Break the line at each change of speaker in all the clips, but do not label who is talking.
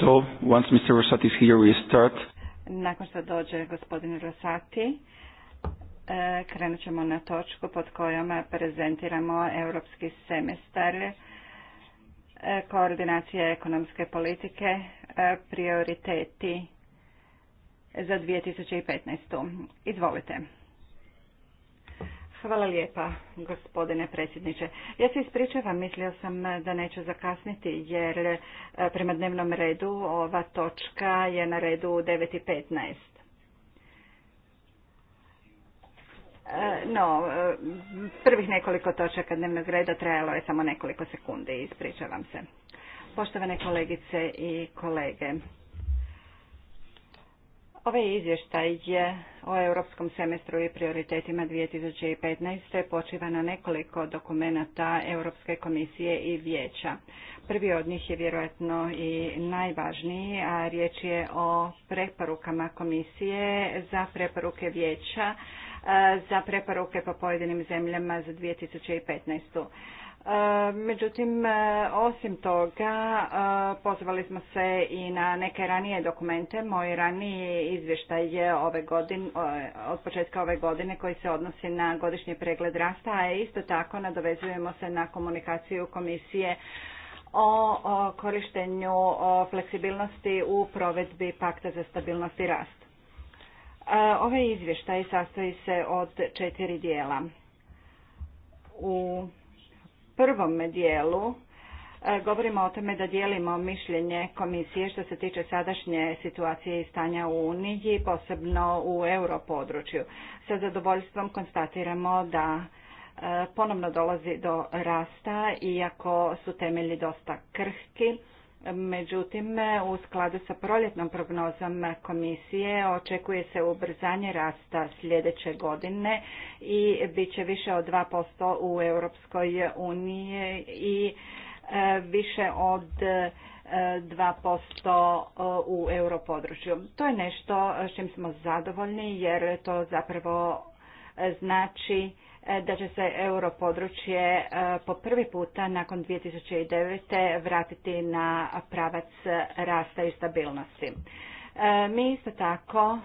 So, once Mr. Rosati is here, we start. Nakon što dođe gospodin Rosati, e, krenut ćemo na točku pod kojom prezentiramo europski semestar e, koordinacije ekonomske politike, e, prioriteti za 2015. Izvolite. Hvala lijepa, gospodine predsjedniče. Ja se ispričavam, mislio sam da neću zakasniti, jer e, prema dnevnom redu ova točka je na redu 9.15. E, no, e, prvih nekoliko točaka dnevnog reda trajalo je samo nekoliko sekundi, ispričavam se. Poštovane kolegice i kolege, Ovaj izvještaj je o europskom semestru i prioritetima 2015. počiva na nekoliko dokumenata Europske komisije i vijeća. Prvi od njih je vjerojatno i najvažniji, a riječ je o preporukama komisije za preporuke vijeća, za preporuke po pojedinim zemljama za 2015. E, međutim, e, osim toga, e, pozvali smo se i na neke ranije dokumente. Moj raniji izvještaj je ove od početka ove godine koji se odnosi na godišnji pregled rasta, a isto tako nadovezujemo se na komunikaciju komisije o korištenju fleksibilnosti u provedbi pakta za stabilnost i rast. Ove ovaj izvještaje sastoji se od četiri dijela. U prvom dijelu e, govorimo o tome da dijelimo mišljenje komisije što se tiče sadašnje situacije i stanja u Uniji, posebno u europodručju. Sa zadovoljstvom konstatiramo da e, ponovno dolazi do rasta, iako su temelji dosta krhki Međutim, u skladu sa proljetnom prognozom komisije očekuje se ubrzanje rasta sljedeće godine i bit će više od 2% u Europskoj uniji i e, više od 2% e, e, u europodručju. To je nešto s čim smo zadovoljni jer to zapravo znači E, da će se europodručje e, po prvi puta nakon 2009. vratiti na pravac rasta i stabilnosti. E, mi isto tako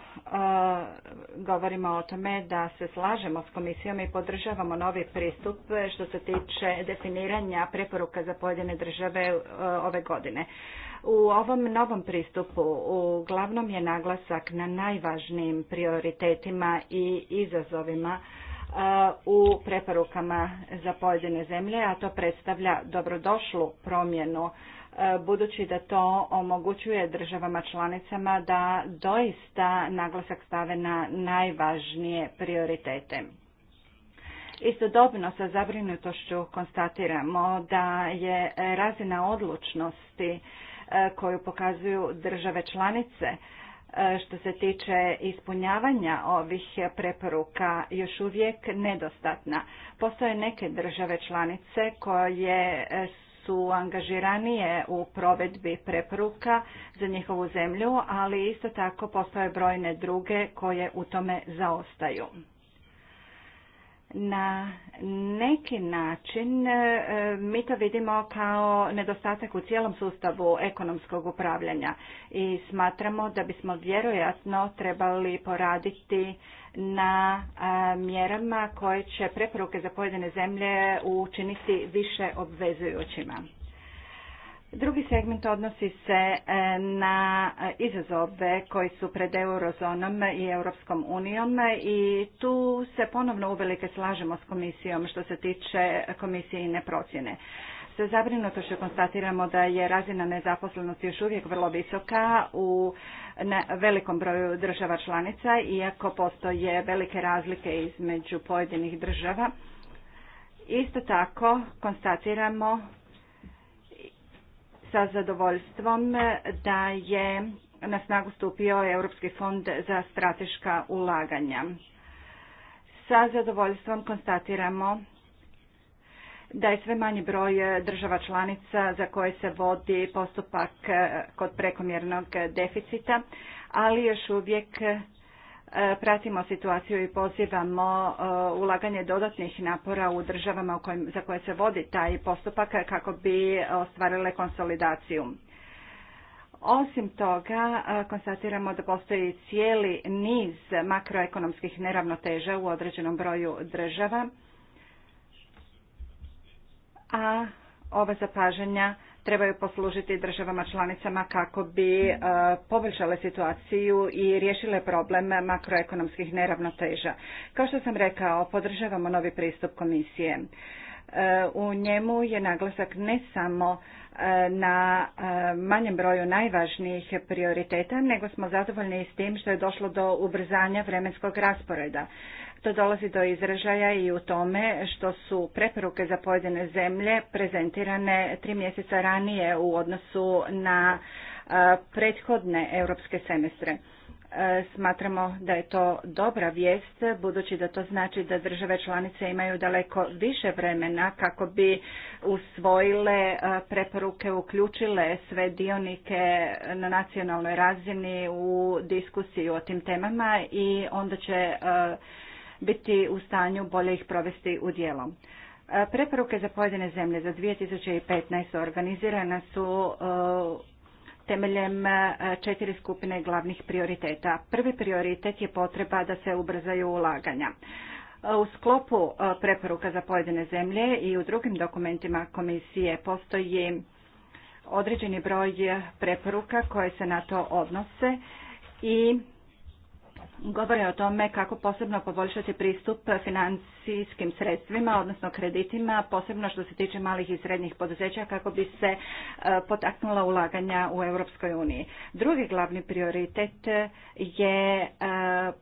govorimo o tome da se slažemo s komisijom i podržavamo novi pristup što se tiče definiranja preporuka za pojedine države ove godine. U ovom novom pristupu uglavnom je naglasak na najvažnijim prioritetima i izazovima u preporukama za pojedine zemlje, a to predstavlja dobrodošlu promjenu budući da to omogućuje državama članicama da doista naglasak stave na najvažnije prioritete. Istodobno sa zabrinutošću konstatiramo da je razina odlučnosti koju pokazuju države članice E, što se tiče ispunjavanja ovih preporuka još uvijek nedostatna. Postoje neke države članice koje e, su angažiranije u provedbi preporuka za njihovu zemlju, ali isto tako postoje brojne druge koje u tome zaostaju na neki način e, mi to vidimo kao nedostatak u cijelom sustavu ekonomskog upravljanja i smatramo da bismo vjerojatno trebali poraditi na e, mjerama koje će preporuke za pojedine zemlje učiniti više obvezujućima. Drugi segment odnosi se e, na izazove koji su pred eurozonom i Europskom unijom i tu se ponovno uvelike slažemo s komisijom što se tiče komisijine procjene. Sa zabrinutošću konstatiramo da je razina nezaposlenosti još uvijek vrlo visoka u velikom broju država članica, iako postoje velike razlike između pojedinih država. Isto tako konstatiramo sa zadovoljstvom da je na snagu stupio Europski fond za strateška ulaganja. Sa zadovoljstvom konstatiramo da je sve manji broj država članica za koje se vodi postupak kod prekomjernog deficita, ali još uvijek pratimo situaciju i pozivamo e, ulaganje dodatnih napora u državama za koje se vodi taj postupak kako bi ostvarile konsolidaciju. Osim toga, e, konstatiramo da postoji cijeli niz makroekonomskih neravnoteža u određenom broju država, a ova zapažanja trebaju poslužiti državama članicama kako bi e, poboljšale situaciju i riješile problem makroekonomskih neravnoteža. Kao što sam rekao, podržavamo novi pristup komisije. E, u njemu je naglasak ne samo E, na e, manjem broju najvažnijih prioriteta, nego smo zadovoljni s tim što je došlo do ubrzanja vremenskog rasporeda. To dolazi do izražaja i u tome što su preporuke za pojedine zemlje prezentirane tri mjeseca ranije u odnosu na e, prethodne europske semestre. E, smatramo da je to dobra vijest, budući da to znači da države članice imaju daleko više vremena kako bi usvojile e, preporuke, uključile sve dionike na nacionalnoj razini u diskusiju o tim temama i onda će e, biti u stanju bolje ih provesti u djelo. Preporuke za pojedine zemlje za 2015. organizirana su temeljem e, četiri skupine glavnih prioriteta. Prvi prioritet je potreba da se ubrzaju ulaganja. U sklopu e, preporuka za pojedine zemlje i u drugim dokumentima komisije postoji određeni broj preporuka koje se na to odnose i govore o tome kako posebno poboljšati pristup financijskim sredstvima, odnosno kreditima, posebno što se tiče malih i srednjih poduzeća kako bi se e, potaknula ulaganja u Europskoj uniji. Drugi glavni prioritet je e,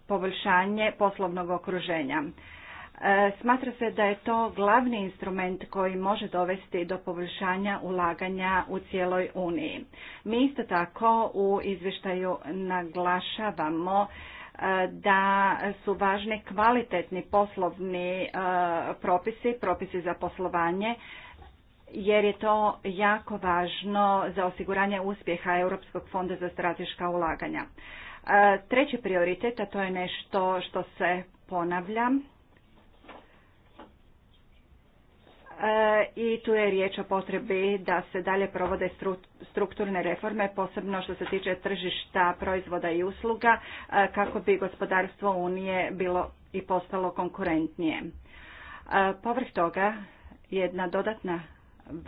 poboljšanje poslovnog okruženja. E, smatra se da je to glavni instrument koji može dovesti do poboljšanja ulaganja u cijeloj Uniji. Mi isto tako u izvještaju naglašavamo da su važni kvalitetni poslovni e, propisi, propisi za poslovanje, jer je to jako važno za osiguranje uspjeha Europskog fonda za strateška ulaganja. E, treći prioritet, a to je nešto što se ponavlja, E, i tu je riječ o potrebi da se dalje provode strukturne reforme, posebno što se tiče tržišta proizvoda i usluga, e, kako bi gospodarstvo Unije bilo i postalo konkurentnije. E, povrh toga, jedna dodatna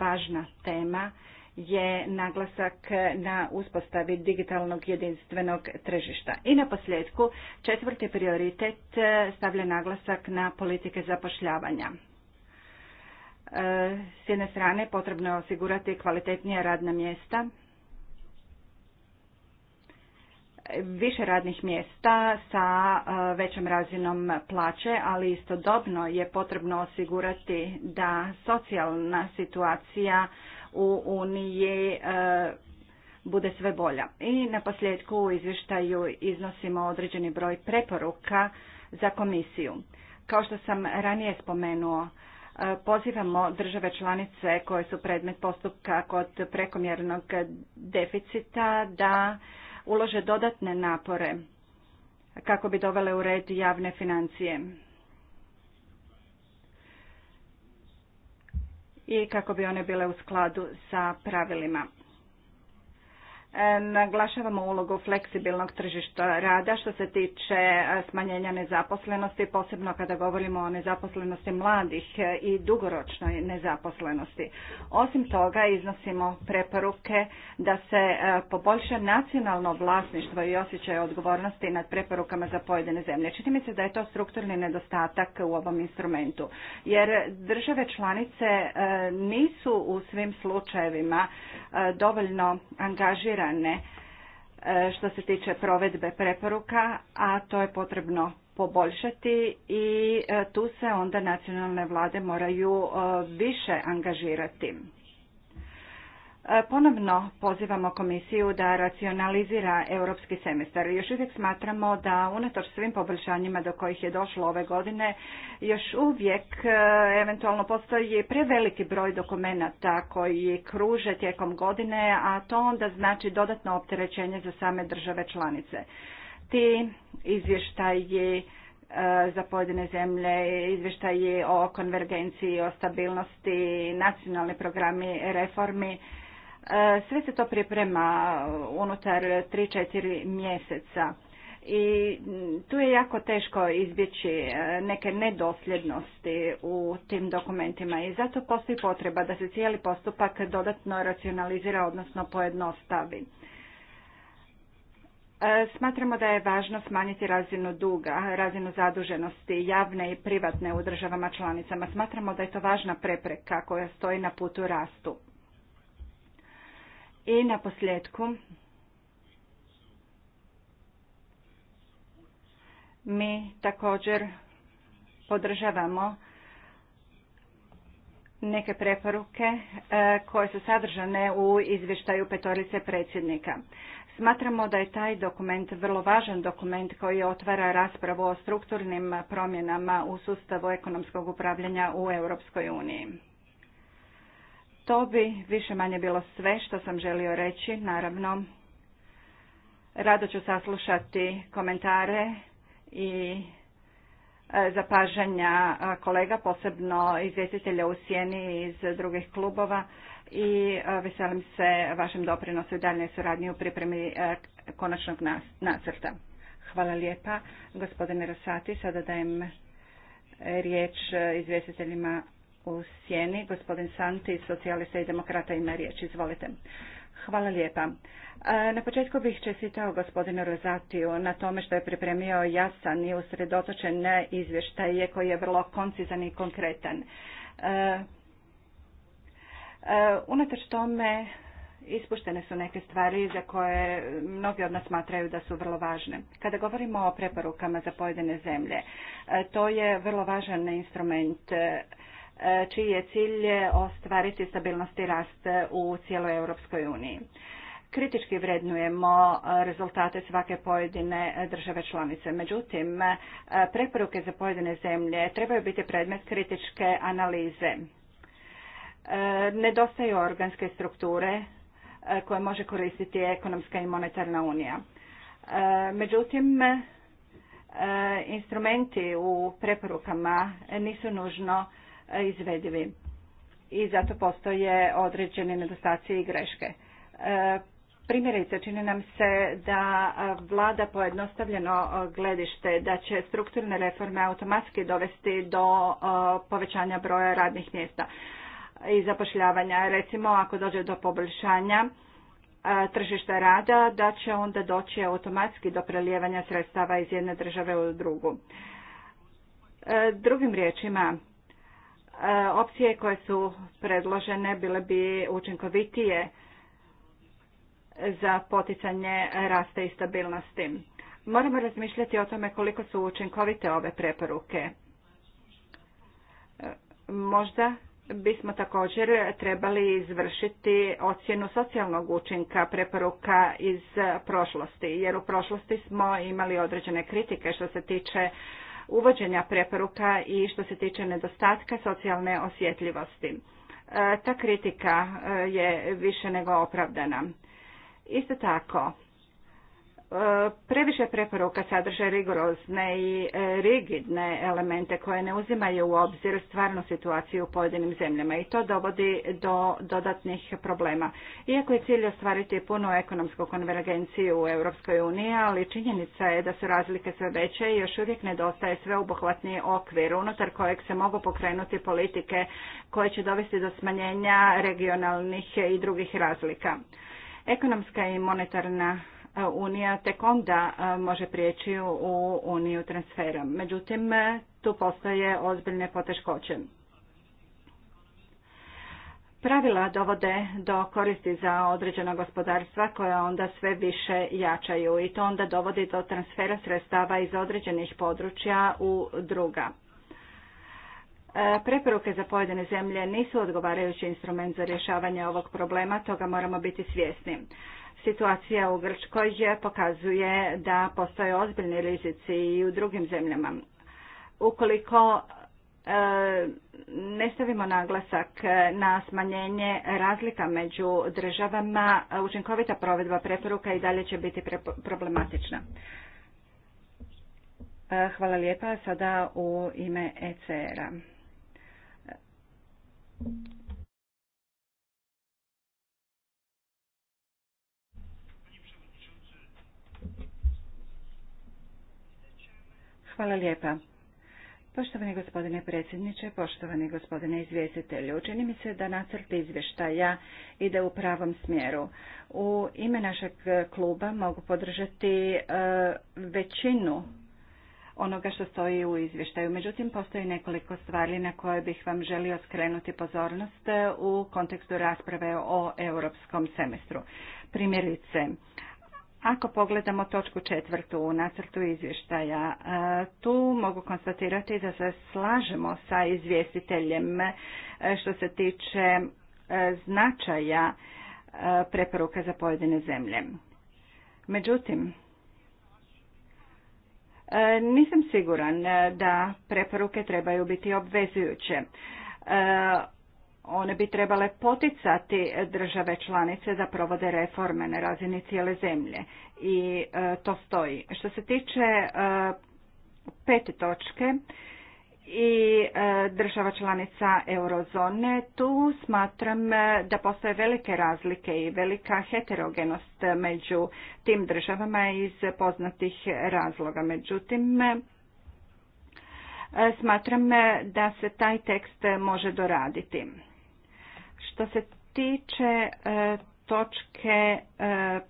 važna tema je naglasak na uspostavi digitalnog jedinstvenog tržišta. I na posljedku, četvrti prioritet stavlja naglasak na politike zapošljavanja. E, s jedne strane potrebno je osigurati kvalitetnija radna mjesta, više radnih mjesta sa e, većom razinom plaće, ali istodobno je potrebno osigurati da socijalna situacija u Uniji e, bude sve bolja. I na posljedku u izvještaju iznosimo određeni broj preporuka za komisiju. Kao što sam ranije spomenuo, Pozivamo države članice koje su predmet postupka kod prekomjernog deficita da ulože dodatne napore kako bi dovele u red javne financije. i kako bi one bile u skladu sa pravilima. E, naglašavamo ulogu fleksibilnog tržišta rada što se tiče e, smanjenja nezaposlenosti, posebno kada govorimo o nezaposlenosti mladih e, i dugoročnoj nezaposlenosti. Osim toga iznosimo preporuke da se poboljša nacionalno vlasništvo i osjećaj odgovornosti nad preporukama za pojedine zemlje. Čini mi se da je to strukturni nedostatak u ovom instrumentu, jer države članice nisu u svim slučajevima dovoljno angažirane ne e, što se tiče provedbe preporuka, a to je potrebno poboljšati i e, tu se onda nacionalne vlade moraju e, više angažirati. E, ponovno pozivamo komisiju da racionalizira europski semestar. Još uvijek smatramo da unatoč svim poboljšanjima do kojih je došlo ove godine, još uvijek e, eventualno postoji preveliki broj dokumenata koji kruže tijekom godine, a to onda znači dodatno opterećenje za same države članice. Ti izvještaji e, za pojedine zemlje, izvještaji o konvergenciji, o stabilnosti, nacionalni programi reformi, E, sve se to priprema unutar 3-4 mjeseca i tu je jako teško izbjeći e, neke nedosljednosti u tim dokumentima i zato postoji potreba da se cijeli postupak dodatno racionalizira, odnosno pojednostavi. E, smatramo da je važno smanjiti razinu duga, razinu zaduženosti javne i privatne u državama članicama. Smatramo da je to važna prepreka koja stoji na putu rastu. I na posljedku mi također podržavamo neke preporuke e, koje su sadržane u izvještaju petorice predsjednika. Smatramo da je taj dokument vrlo važan dokument koji otvara raspravu o strukturnim promjenama u sustavu ekonomskog upravljanja u Europskoj uniji. To bi više manje bilo sve što sam želio reći, naravno. Rado ću saslušati komentare i e, zapažanja kolega, posebno izvjestitelja u sjeni iz drugih klubova i e, veselim se vašem doprinosu i daljnoj suradnji u pripremi e, konačnog nacrta. Hvala lijepa. Gospodine Rosati, sada dajem riječ izvjestiteljima u sjeni, gospodin Santi, socijalista i demokrata ima riječ. Izvolite. Hvala lijepa. E, na početku bih čestitao gospodinu Rozatiju na tome što je pripremio jasan i usredotočen izvještaj koji je vrlo koncizan i konkretan. E, e, unatoč tome ispuštene su neke stvari za koje mnogi od nas smatraju da su vrlo važne. Kada govorimo o preporukama za pojedine zemlje, to je vrlo važan instrument E, čiji je cilj ostvariti stabilnost i rast u cijeloj Europskoj uniji. Kritički vrednujemo rezultate svake pojedine države članice. Međutim, e, preporuke za pojedine zemlje trebaju biti predmet kritičke analize. E, nedostaju organske strukture koje može koristiti ekonomska i monetarna unija. Međutim, instrumenti u preporukama nisu nužno E, izvedivi. I zato postoje određeni nedostaci i greške. E, primjerice, čini nam se da e, vlada pojednostavljeno gledište da će strukturne reforme automatski dovesti do povećanja broja radnih mjesta i zapošljavanja. Recimo, ako dođe do poboljšanja tržišta rada, da će onda doći automatski do prelijevanja sredstava iz jedne države u drugu. Drugim riječima, E, opcije koje su predložene bile bi učinkovitije za poticanje rasta i stabilnosti. Moramo razmišljati o tome koliko su učinkovite ove preporuke. E, možda bismo također trebali izvršiti ocjenu socijalnog učinka preporuka iz prošlosti, jer u prošlosti smo imali određene kritike što se tiče uvođenja preporuka i što se tiče nedostatka socijalne osjetljivosti. E, ta kritika e, je više nego opravdana. Isto tako, E, previše preporuka sadrže rigorozne i e, rigidne elemente koje ne uzimaju u obzir stvarnu situaciju u pojedinim zemljama i to dovodi do dodatnih problema. Iako je cilj ostvariti punu ekonomsku konvergenciju u Europskoj uniji, ali činjenica je da su razlike sve veće i još uvijek nedostaje sveobuhvatni okvir unutar kojeg se mogu pokrenuti politike koje će dovesti do smanjenja regionalnih i drugih razlika. Ekonomska i monetarna E, unija tek onda e, može prijeći u uniju transfera. Međutim, e, tu postoje ozbiljne poteškoće. Pravila dovode do koristi za određena gospodarstva koja onda sve više jačaju i to onda dovodi do transfera sredstava iz određenih područja u druga. Preporuke za pojedine zemlje nisu odgovarajući instrument za rješavanje ovog problema, toga moramo biti svjesni. Situacija u Grčkoj pokazuje da postoje ozbiljni rizici i u drugim zemljama. Ukoliko e, ne stavimo naglasak na smanjenje razlika među državama, učinkovita provedba preporuka i dalje će biti problematična. E, hvala lijepa. Sada u ime ECR-a. Hvala lijepa. Poštovani gospodine predsjedniče, poštovani gospodine izvjestitelju, Učini mi se da nacrt izvještaja ide u pravom smjeru. U ime našeg kluba mogu podržati e, većinu onoga što stoji u izvještaju. Međutim, postoji nekoliko stvari na koje bih vam želio skrenuti pozornost u kontekstu rasprave o europskom semestru. Primjerice, ako pogledamo točku četvrtu u nacrtu izvještaja, e, tu mogu konstatirati da se slažemo sa izvjestiteljem e, što se tiče e, značaja preporuka za pojedine zemlje. Međutim, nisam siguran da preporuke trebaju biti obvezujuće. One bi trebale poticati države članice da provode reforme na razini cijele zemlje i e, to stoji. Što se tiče e, pete točke i e, država članica eurozone, tu smatram da postoje velike razlike i velika heterogenost među tim državama iz poznatih razloga. Međutim, smatram da se taj tekst može doraditi. Što se tiče e, točke 15.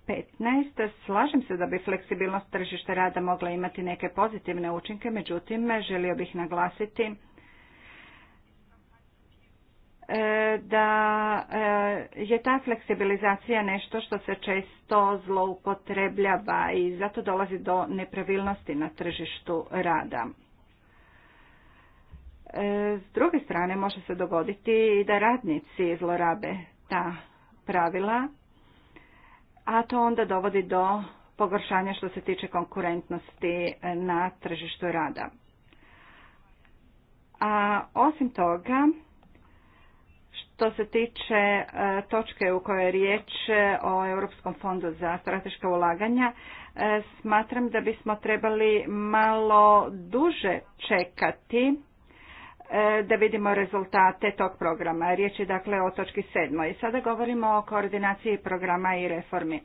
E, slažem se da bi fleksibilnost tržišta rada mogla imati neke pozitivne učinke, međutim želio bih naglasiti e, da je ta fleksibilizacija nešto što se često zloupotrebljava i zato dolazi do nepravilnosti na tržištu rada. E, s druge strane može se dogoditi i da radnici zlorabe ta pravila, a to onda dovodi do pogoršanja što se tiče konkurentnosti e, na tržištu rada. A osim toga, što se tiče e, točke u kojoj je riječ o Europskom fondu za strateška ulaganja, smatram da bismo trebali malo duže čekati E, da vidimo rezultate tog programa. Riječ je dakle o točki sedmoj. Sada govorimo o koordinaciji programa i reformi.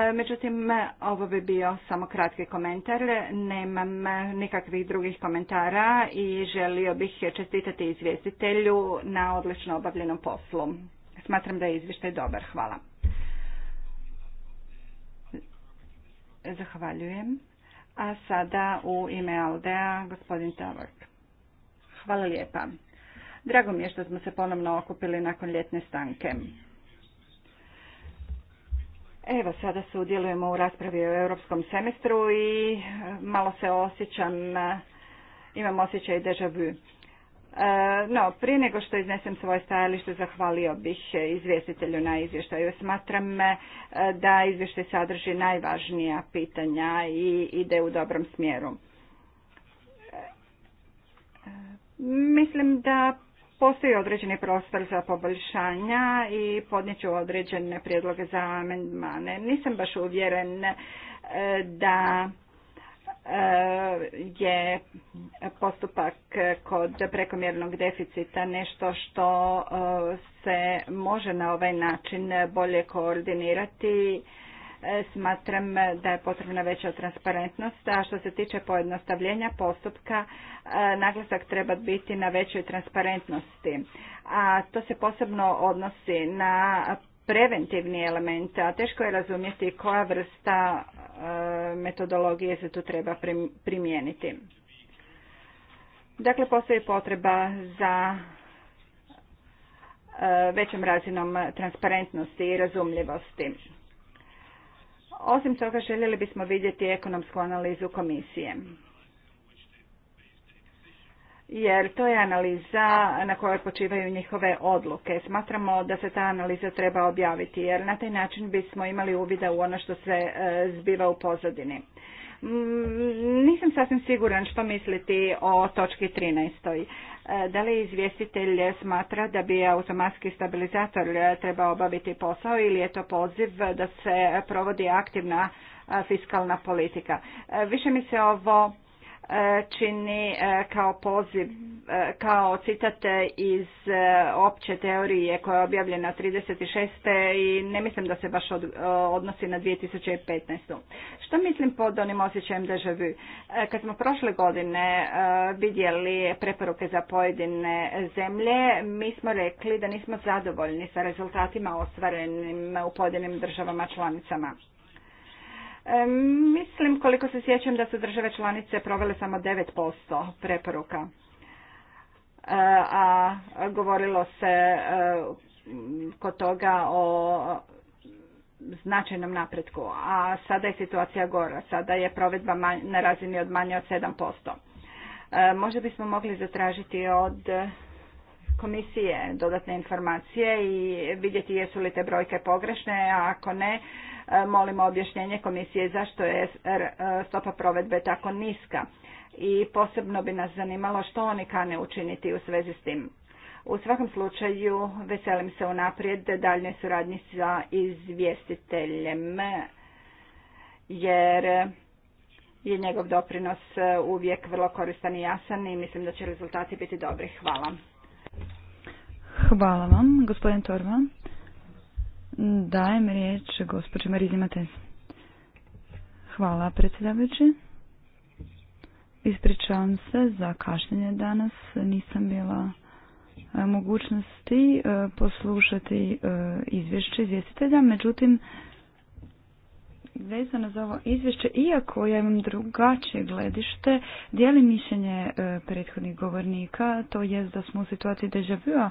E, međutim, ovo bi bio samo kratki komentar. Nemam nikakvih drugih komentara i želio bih čestitati izvjestitelju na odlično obavljenom poslu. Smatram da je izvještaj dobar. Hvala. Zahvaljujem. A sada u ime Aldea gospodin Tavark. Hvala lijepa. Drago mi je što smo se ponovno okupili nakon ljetne stanke. Evo, sada se udjelujemo u raspravi o europskom semestru i e, malo se osjećam, e, imam osjećaj deja vu. E, no, prije nego što iznesem svoje stajalište, zahvalio bih izvjestitelju na izvještaju. Smatram da izvještaj sadrži najvažnija pitanja i ide u dobrom smjeru. Mislim da postoji određeni prostor za poboljšanja i ću određene prijedloge za amendmane. Nisam baš uvjeren e, da e, je postupak kod prekomjernog deficita nešto što e, se može na ovaj način bolje koordinirati Smatram da je potrebna veća transparentnost, a što se tiče pojednostavljenja postupka, e, naglasak treba biti na većoj transparentnosti. A to se posebno odnosi na preventivni element, a teško je razumjeti koja vrsta e, metodologije se tu treba primijeniti. Dakle, postoji potreba za e, većom razinom transparentnosti i razumljivosti. Osim toga željeli bismo vidjeti ekonomsku analizu komisije. Jer to je analiza na kojoj počivaju njihove odluke. Smatramo da se ta analiza treba objaviti jer na taj način bismo imali uvida u ono što se e, zbiva u pozadini. Mm, nisam sasvim siguran što misliti o točki 13. E, da li izvjestitelj smatra da bi automatski stabilizator trebao obaviti posao ili je to poziv da se provodi aktivna e, fiskalna politika? E, više mi se ovo E, čini e, kao poziv, e, kao citate iz opće teorije koja je objavljena 36. i ne mislim da se baš odnosi na 2015. Što mislim pod onim osjećajem državi? Kad smo prošle godine vidjeli preporuke za pojedine zemlje, mi smo rekli da nismo zadovoljni sa rezultatima ostvarenim u pojedinim državama članicama. Mislim, koliko se sjećam, da su države članice provele samo 9% preporuka, e, a govorilo se e, kod toga o značajnom napretku, a sada je situacija gora, sada je provedba na razini od manje od 7%. E, možda bismo mogli zatražiti od komisije dodatne informacije i vidjeti jesu li te brojke pogrešne, a ako ne, E, molimo objašnjenje komisije zašto je e, stopa provedbe tako niska i posebno bi nas zanimalo što oni kane učiniti u svezi s tim. U svakom slučaju veselim se unaprijed daljnjoj suradnji sa izvjestiteljem jer je njegov doprinos uvijek vrlo koristan i jasan i mislim da će rezultati biti dobri. Hvala. Hvala vam, gospodin Torvan. Dajem riječ gospođi Marizi Matez. Hvala predsjedavajući. Ispričavam se za kašnjenje danas. Nisam bila e, mogućnosti e, poslušati e, izvješće izvjestitelja, međutim vezano za ovo izvješće, iako ja imam drugačije gledište, dijelim mišljenje prethodnih govornika, to jest da smo u situaciji deja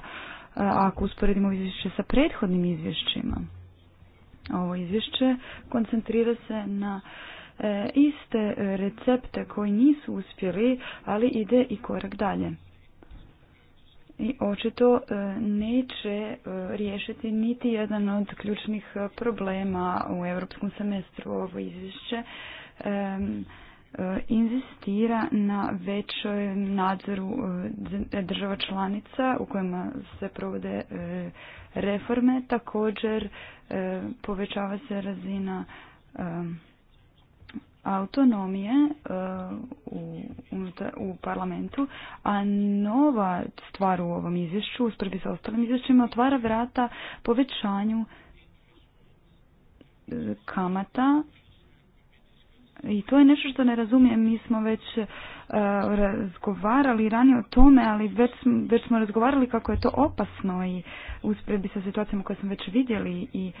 E, ako usporedimo izvješće sa prethodnim izvješćima. Ovo izvješće koncentrira se na e, iste recepte koji nisu uspjeli, ali ide i korak dalje. I očito e, neće riješiti niti jedan od ključnih problema u europskom semestru ovo izvješće E, inzistira na većoj nadzoru e, država članica u kojima se provode e, reforme. Također povećava se razina autonomije u parlamentu, a nova stvar u ovom izvješću, usprvi sa ostalim izvješćima, otvara vrata povećanju kamata i to je nešto što ne razumijem. Mi smo već e, razgovarali ranije o tome, ali već, već smo razgovarali kako je to opasno i uspredbi sa situacijama koje smo već vidjeli i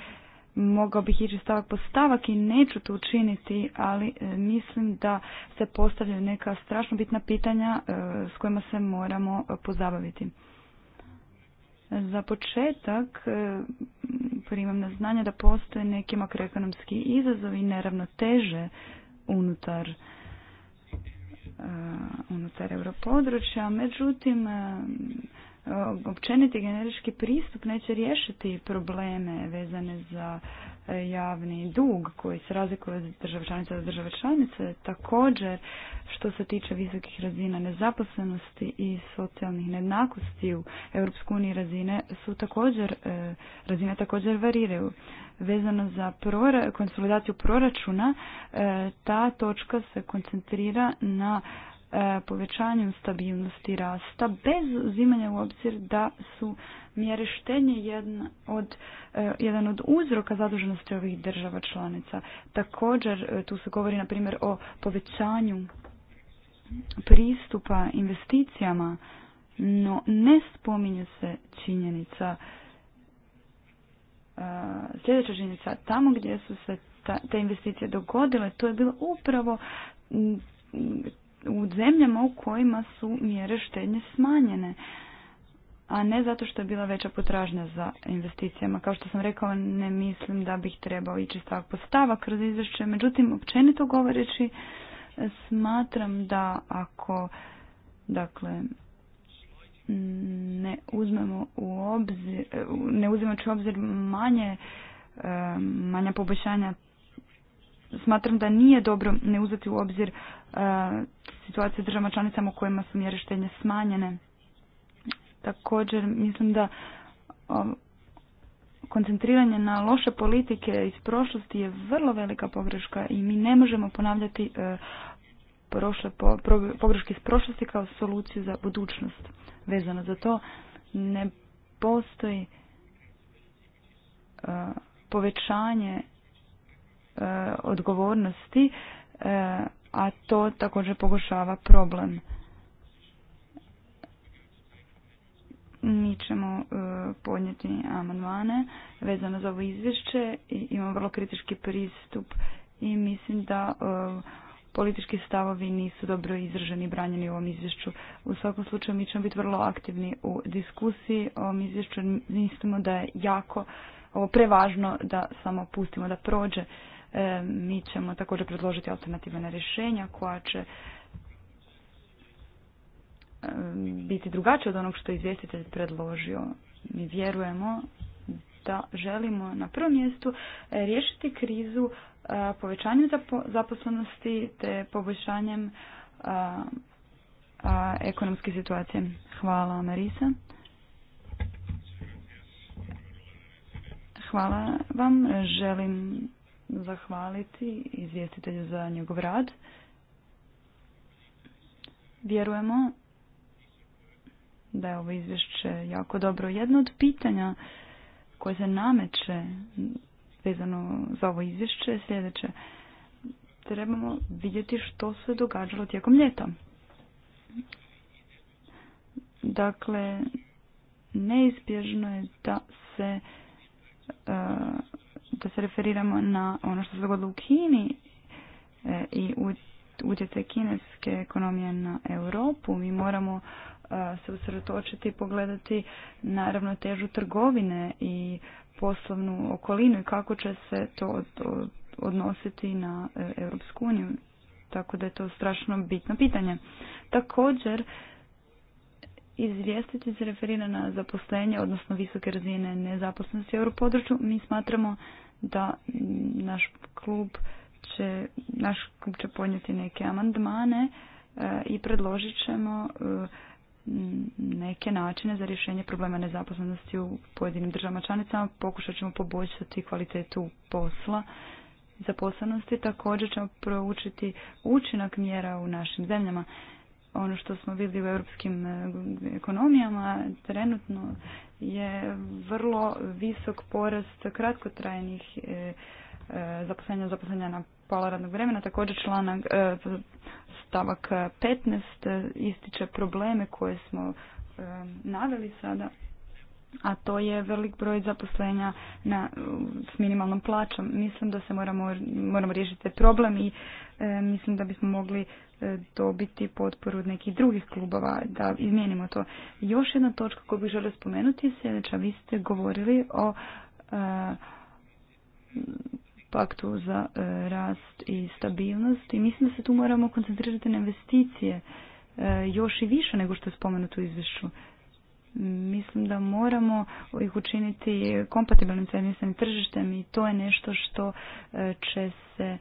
mogao bih ići stavak po stavak i neću to učiniti, ali e, mislim da se postavljaju neka strašno bitna pitanja e, s kojima se moramo pozabaviti. Za početak primam na znanje da postoje neki makroekonomski izazovi i neravnoteže unutar e, unutar europodručja, međutim Uh, općeniti generički pristup neće riješiti probleme vezane za uh, javni dug koji se razlikuje od države članice do države članice. Također, što se tiče visokih razina nezaposlenosti i socijalnih nejednakosti u EU razine su također, uh, razine također variraju. Vezano za konsolidaciju proračuna, ta točka se koncentrira na E, povećanjem stabilnosti rasta bez uzimanja u obzir da su mjere štenje jedan od, e, jedan od uzroka zaduženosti ovih država članica. Također e, tu se govori na primjer o povećanju pristupa investicijama, no ne spominje se činjenica sljedeća činjenica, tamo gdje su se ta, te investicije dogodile, to je bilo upravo u zemljama u kojima su mjere štednje smanjene a ne zato što je bila veća potražnja za investicijama. Kao što sam rekao, ne mislim da bih trebao ići stavak po stavak kroz izvješće. Međutim, općenito govoreći, smatram da ako dakle, ne uzmemo u obzir, ne uzimajući u obzir manje eh, manja poboljšanja smatram da nije dobro ne uzeti u obzir situacije u državama članicama u kojima su mjere smanjene. Također mislim da koncentriranje na loše politike iz prošlosti je vrlo velika pogreška i mi ne možemo ponavljati e, prošle pogreške iz prošlosti kao soluciju za budućnost. Vezano za to ne postoji e, povećanje e, odgovornosti a to također pogošava problem. Mi ćemo e, podnijeti amandmane vezano za ovo izvješće i imamo vrlo kritički pristup i mislim da e, politički stavovi nisu dobro izraženi i branjeni u ovom izvješću. U svakom slučaju mi ćemo biti vrlo aktivni u diskusiji o ovom izvješću. Mislimo da je jako ovo prevažno da samo pustimo da prođe. E, mi ćemo također predložiti alternativna rješenja koja će e, biti drugačija od onog što je izvjestitelj predložio. Mi vjerujemo da želimo na prvom mjestu e, riješiti krizu povećanjem zaposlenosti te poboljšanjem ekonomske situacije. Hvala Marisa. Hvala vam. Želim zahvaliti izvjestitelju za njegov rad. Vjerujemo da je ovo izvješće jako dobro. Jedno od pitanja koje se nameće vezano za ovo izvješće je sljedeće. Trebamo vidjeti što se događalo tijekom ljeta. Dakle, neizbježno je da se e, da se referiramo na ono što se dogodilo u Kini e, i utjecaj kineske ekonomije na Europu, mi moramo e, se usredotočiti i pogledati naravno težu trgovine i poslovnu okolinu i kako će se to odnositi na e, Europsku uniju. Tako da je to strašno bitno pitanje. Također, izvijestiti se referira na zaposlenje, odnosno visoke razine nezaposlenosti u europodručju. Mi smatramo da naš klub će, naš klub će podnijeti neke amandmane e, i predložit ćemo e, neke načine za rješenje problema nezaposlenosti u pojedinim državama članicama. Pokušat ćemo poboljšati kvalitetu posla zaposlenosti. Također ćemo proučiti učinak mjera u našim zemljama ono što smo vidjeli u europskim e, ekonomijama trenutno je vrlo visok porast kratkotrajnih e, e, zaposlenja zaposlenja na pola radnog vremena. Također članak stavak 15 ističe probleme koje smo naveli sada a to je velik broj zaposlenja na, s minimalnom plaćom. Mislim da se moramo, moramo riješiti problem i mislim da bismo mogli E, dobiti potporu od nekih drugih klubova, da izmijenimo to. Još jedna točka koju bih želio spomenuti je sljedeća. Vi ste govorili o e, paktu za e, rast i stabilnost i mislim da se tu moramo koncentrirati na investicije još i više nego što je spomenuto u izvješću. Mislim da moramo ih učiniti kompatibilnim sa tržištem i to je nešto što će se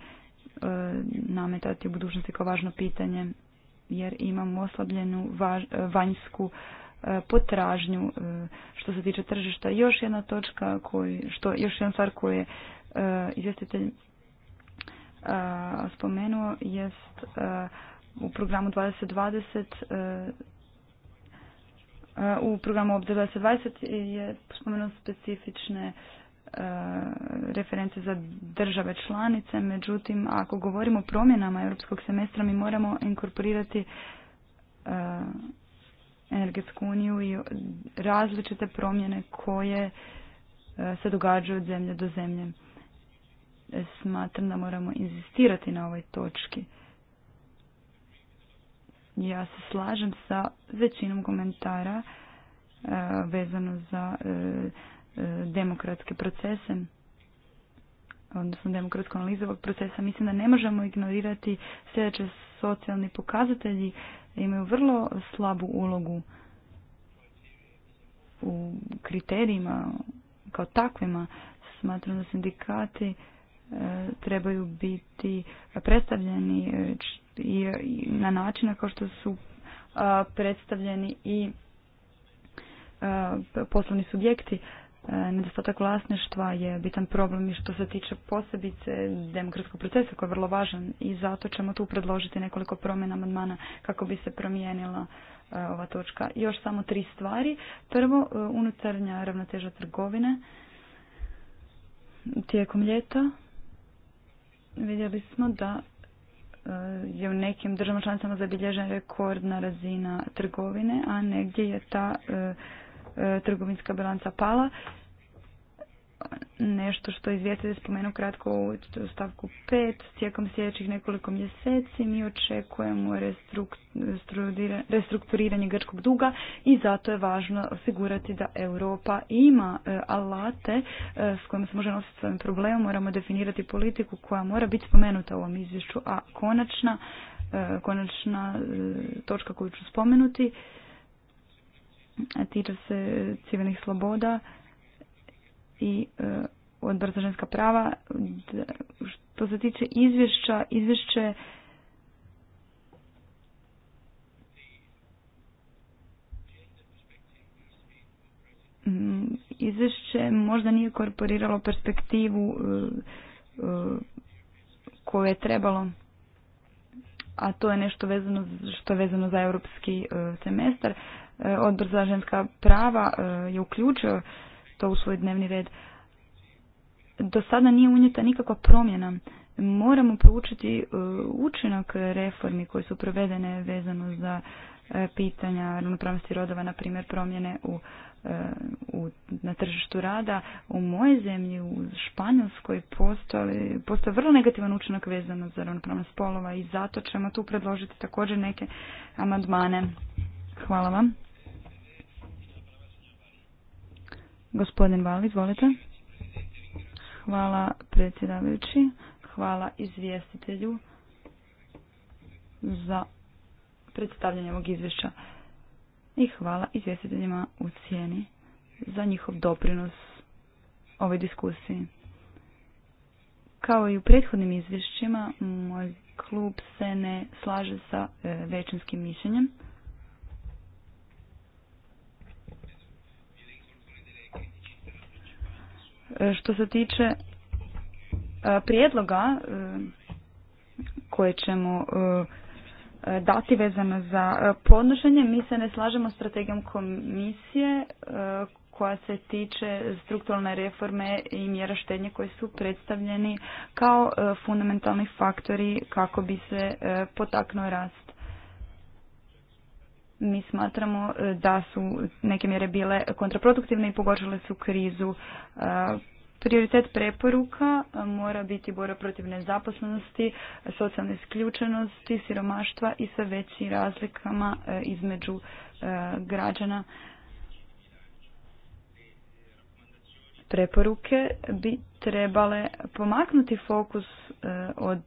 E, nametati u budućnosti kao važno pitanje jer imamo oslabljenu e, vanjsku e, potražnju što se tiče tržišta. Još jedna točka koji, što, još jedna stvar koju je izvjestitelj spomenuo jest u programu 2020 u programu Obzir 2020 je spomenuo specifične E, reference za države članice, međutim ako govorimo o promjenama europskog semestra mi moramo inkorporirati e, energetsku uniju i različite promjene koje e, se događaju od zemlje do zemlje. Smatram da moramo inzistirati na ovoj točki. Ja se slažem sa većinom komentara vezano za demokratske procese, odnosno demokratsko analizu ovog procesa, mislim da ne možemo ignorirati sljedeće socijalni pokazatelji imaju vrlo slabu ulogu u kriterijima kao takvima. Smatram da sindikati e, trebaju biti predstavljeni e, i na način kao što su predstavljeni i poslovni subjekti E, nedostatak vlasništva je bitan problem i što se tiče posebice demokratskog procesa koji je vrlo važan i zato ćemo tu predložiti nekoliko promjena amandmana kako bi se promijenila e, ova točka. Još samo tri stvari. Prvo, e, unutarnja ravnoteža trgovine tijekom ljeta. Vidjeli smo da je u nekim državama članicama zabilježena rekordna razina trgovine, a negdje je ta E, trgovinska bilanca pala. Nešto što je da spomenuo kratko u stavku 5. Tijekom sljedećih nekoliko mjeseci mi očekujemo restrukturiranje grčkog duga i zato je važno osigurati da Europa ima e, alate e, s kojima se može nositi svojim problemom. Moramo definirati politiku koja mora biti spomenuta u ovom izvješću, a konačna, konačna točka koju ću spomenuti tiče se civilnih sloboda i e, odbor za ženska prava. Što se tiče izvješća, izvješće mm, izvješće možda nije korporiralo perspektivu e, e, koju je trebalo a to je nešto vezano što je vezano za europski semestar E, Odbor za ženska prava e, je uključio to u svoj dnevni red. Do sada nije unijeta nikakva promjena. Moramo proučiti e, učinak reformi koje su provedene vezano za pitanja ravnopravnosti rodova, na primjer promjene u, u, na tržištu rada. U mojoj zemlji, u Španjolskoj, postoje vrlo negativan učinak vezano za ravnopravnost spolova i zato ćemo tu predložiti također neke amandmane. Hvala vam. Gospodin Vali, izvolite. Hvala predsjedavajući. Hvala izvjestitelju za predstavljanje ovog izvješća. I hvala izvjestiteljima u cijeni za njihov doprinos ovoj diskusiji. Kao i u prethodnim izvješćima, moj klub se ne slaže sa e, većinskim mišljenjem. E, što se tiče e, prijedloga e, koje ćemo dati vezano za podnošenje, mi se ne slažemo strategijom komisije koja se tiče strukturalne reforme i mjera štednje koji su predstavljeni kao fundamentalni faktori kako bi se potaknuo rast. Mi smatramo e, da su neke mjere bile kontraproduktivne i pogoršale su krizu. E, prioritet preporuka e, mora biti bora protiv nezaposlenosti, socijalne isključenosti, siromaštva i sve većim razlikama između građana. Preporuke bi trebale pomaknuti fokus od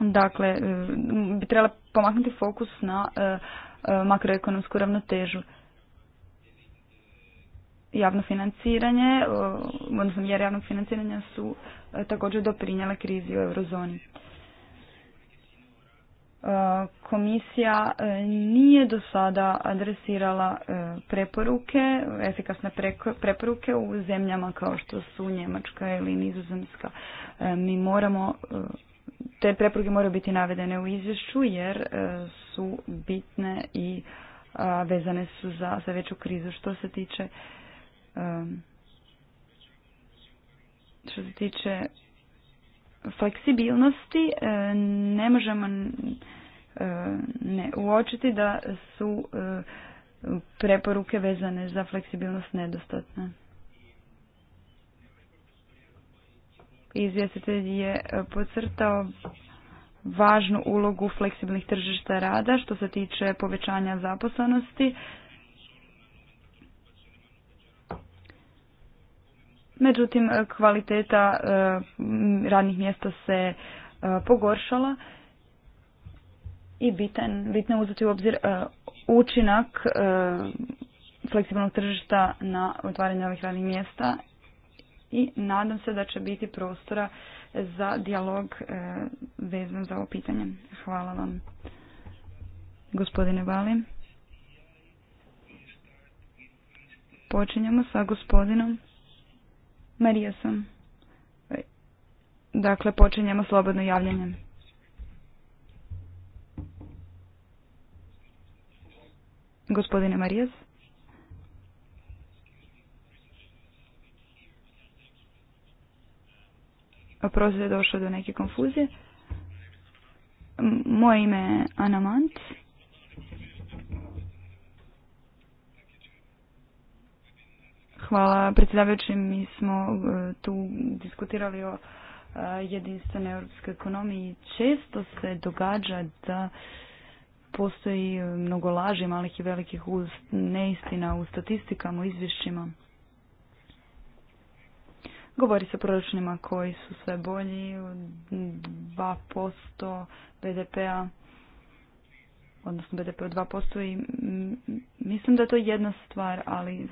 dakle bi trebala pomaknuti fokus na E, makroekonomsku ravnotežu. Javno financiranje, e, odnosno mjere javnog financiranja su e, također doprinjale krizi u eurozoni. Komisija nije do sada adresirala preporuke, efikasne preporuke u zemljama kao što su Njemačka ili Nizozemska. Mi moramo, te preporuke moraju biti navedene u izvješću jer su bitne i e, vezane su za, za veću krizu. Što se tiče e, što se tiče fleksibilnosti e, ne možemo ne uočiti da su preporuke vezane za fleksibilnost nedostatne. Izvjestitelj je podcrtao važnu ulogu fleksibilnih tržišta rada što se tiče povećanja zaposlenosti. Međutim, e, kvaliteta e, radnih mjesta se e, pogoršala i bitno je uzeti u obzir učinak fleksibilnog tržišta na otvaranje ovih radnih mjesta i nadam se da će biti prostora za dijalog e, vezan za ovo pitanje. Hvala vam. Gospodine Vali. Počinjemo sa gospodinom Marijasom. Dakle, počinjemo slobodno javljanje. Gospodine Marijas. je došlo do neke konfuzije. Moje ime je Ana Mant. Hvala predsjedavajući, mi smo e, tu diskutirali o e, jedinstvenoj europske ekonomiji. Često se događa da postoji mnogo laži malih i velikih neistina u statistikama, u izvješćima. Govori se o proračunima koji su sve bolji, 2% BDP-a, odnosno BDP od 2% i mislim da je to jedna stvar, ali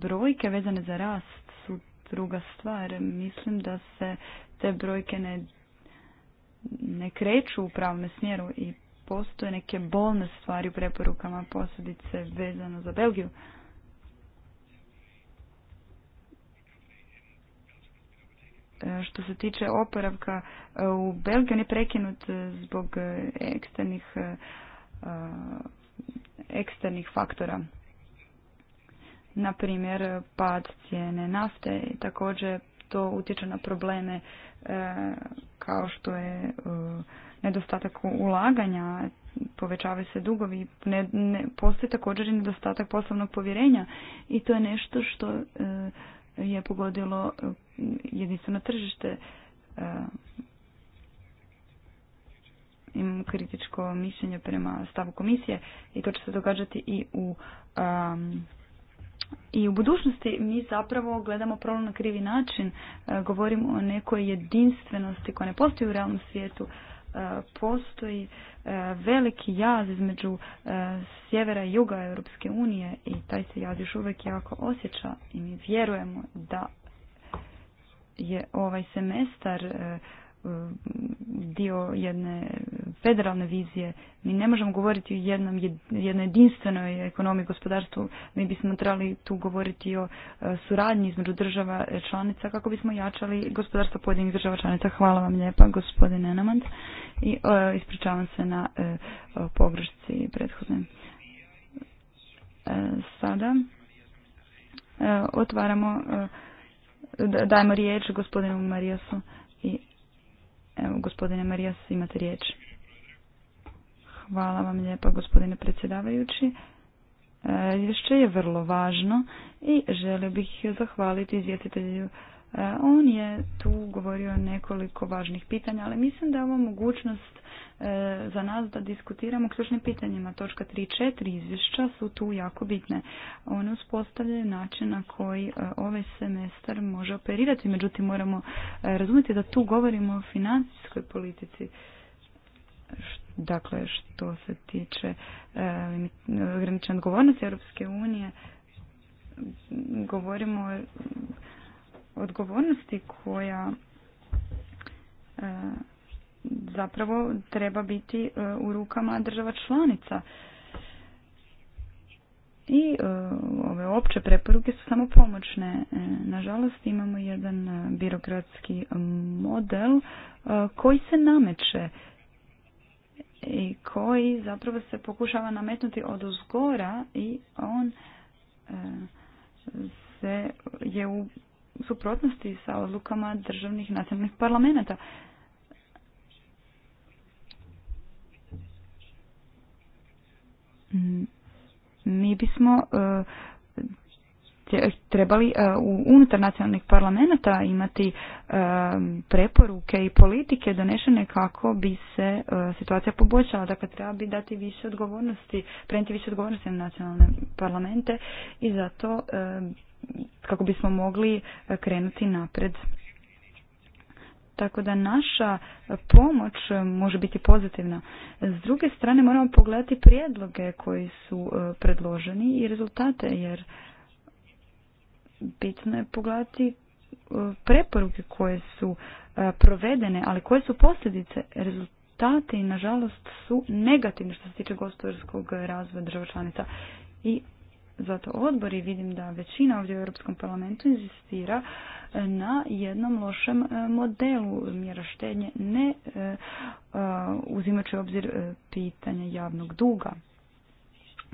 brojke vezane za rast su druga stvar. Mislim da se te brojke ne, ne kreću u pravome smjeru i postoje neke bolne stvari u preporukama posljedice vezano za Belgiju. što se tiče oporavka e, u Belgiji, on je prekinut e, zbog e, eksternih, eksternih faktora. Na primjer, pad cijene nafte i također to utječe na probleme kao što je nedostatak ulaganja, povećavaju se dugovi, ne, ne, postoji također i nedostatak poslovnog povjerenja i to je nešto što je pogodilo eh, jedinstveno tržište eh, Imamo kritičko mišljenje prema stavu komisije i to će se događati i u ehm, i u budućnosti mi zapravo gledamo problem na krivi način, eh, govorimo o nekoj jedinstvenosti koja ne postoji u realnom svijetu. E, postoji e, veliki jaz između e, sjevera i juga Europske unije i taj se jaz još uvijek jako osjeća i mi vjerujemo da je ovaj semestar Mm, dio jedne federalne vizije. Mi ne možemo govoriti o jednom, jednoj jedinstvenoj ekonomiji gospodarstvu. Mi bismo trebali tu govoriti o e, suradnji između država članica kako bismo jačali gospodarstvo pojedinih država članica. Hvala vam lijepa, gospodin Enamant. I e, ispričavam se na e, o, pogrešci prethodne. Sada otvaramo, dajemo riječ gospodinu Marijasu i Evo, gospodine Marijas, imate riječ. Hvala vam lijepa, gospodine predsjedavajući. E, izvješće je vrlo važno i želio bih zahvaliti izvjetitelju E, on je tu govorio nekoliko važnih pitanja, ali mislim da je ovo mogućnost e, za nas da diskutiramo ključnim pitanjima. Točka 3 izvješća su tu jako bitne. One uspostavljaju način na koji e, ovaj semestar može operirati, međutim moramo razumjeti da tu govorimo o financijskoj politici. Dakle, što se tiče ograničene odgovornosti Europske unije, govorimo o odgovornosti koja e, zapravo treba biti e, u rukama država članica. I e, ove opće preporuke su samo pomoćne. Nažalost imamo jedan birokratski model koji se nameće i koji zapravo se pokušava nametnuti od uzgora i on se je u suprotnosti sa odlukama državnih nacionalnih parlamenta. Mm, mi bismo e, trebali e, unutar nacionalnih parlamenta imati e, preporuke i politike donešene kako bi se situacija poboljšala. Dakle, treba bi dati više odgovornosti, prenijeti više odgovornosti na nacionalne parlamente i zato kako bismo mogli e, krenuti napred. Tako da naša pomoć e, može biti pozitivna. S druge strane moramo pogledati prijedloge koji su e, predloženi i rezultate jer bitno je pogledati preporuke koje su provedene, ali koje su posljedice rezultati nažalost su negativni što se tiče gospodarskog razvoja država članica. I zato odbori i vidim da većina ovdje u Europskom parlamentu inzistira e, na jednom lošem e, modelu mjera ne e, uzimajući obzir pitanje javnog duga.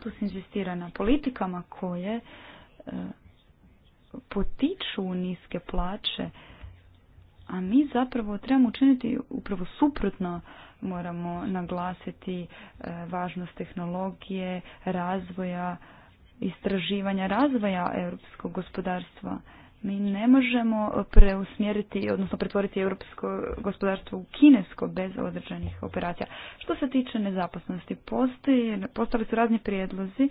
Tu se inzistira na politikama koje potiču niske plaće, a mi zapravo trebamo učiniti upravo suprotno moramo naglasiti važnost tehnologije, razvoja istraživanja razvoja europskog gospodarstva. Mi ne možemo preusmjeriti, odnosno pretvoriti europsko gospodarstvo u kinesko bez određenih operacija. Što se tiče nezaposlenosti, postali su razni prijedlozi,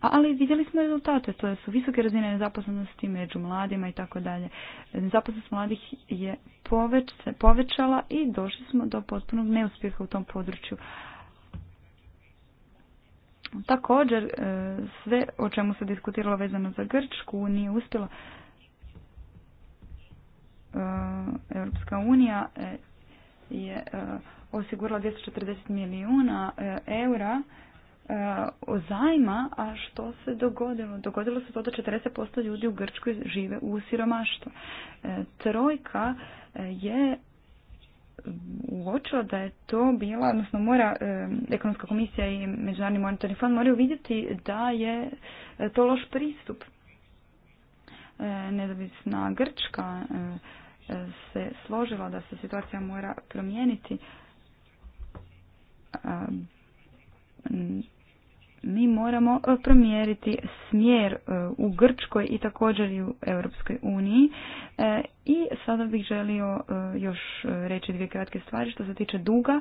ali vidjeli smo rezultate, to su visoke razine nezaposlenosti među mladima i tako dalje. Nezaposlenost mladih je povećala i došli smo do potpunog neuspjeha u tom području. Također, e, sve o čemu se diskutiralo vezano za Grčku nije uspjelo. E, Europska unija e, je osigurala 240 milijuna eura zajma, a što se dogodilo? Dogodilo se to da 40% ljudi u Grčkoj žive u siromaštvu. Trojka je uočilo da je to bila, odnosno mora e, ekonomska komisija i Međunarodni monetarni fond moraju vidjeti da je e, to loš pristup. E, nezavisna Grčka se složila da se situacija mora promijeniti mi moramo e, promjeriti smjer e, u Grčkoj i također i u Europskoj uniji. E, I sada bih želio još reći dvije kratke stvari što se tiče duga.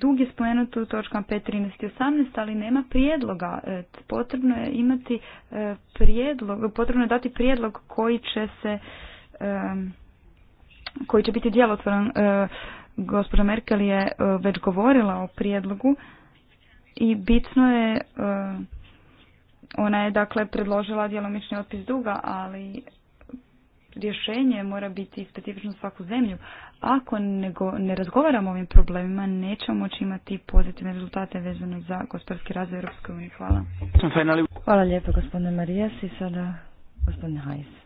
Dug je spomenut u točkama 5, 13 ali nema prijedloga. Potrebno je imati prijedlog, potrebno je dati prijedlog koji će se koji će biti djelotvoran Gospođa Merkel je e, već govorila o prijedlogu i bitno je, e, ona je dakle predložila djelomični otpis duga, ali rješenje mora biti specifično svaku zemlju. Ako nego ne razgovaramo o ovim problemima, nećemo moći imati pozitivne rezultate vezano za gospodarski razvoj Europske unije. Hvala. Hvala lijepo gospodine Marijas i sada gospodine Hajs.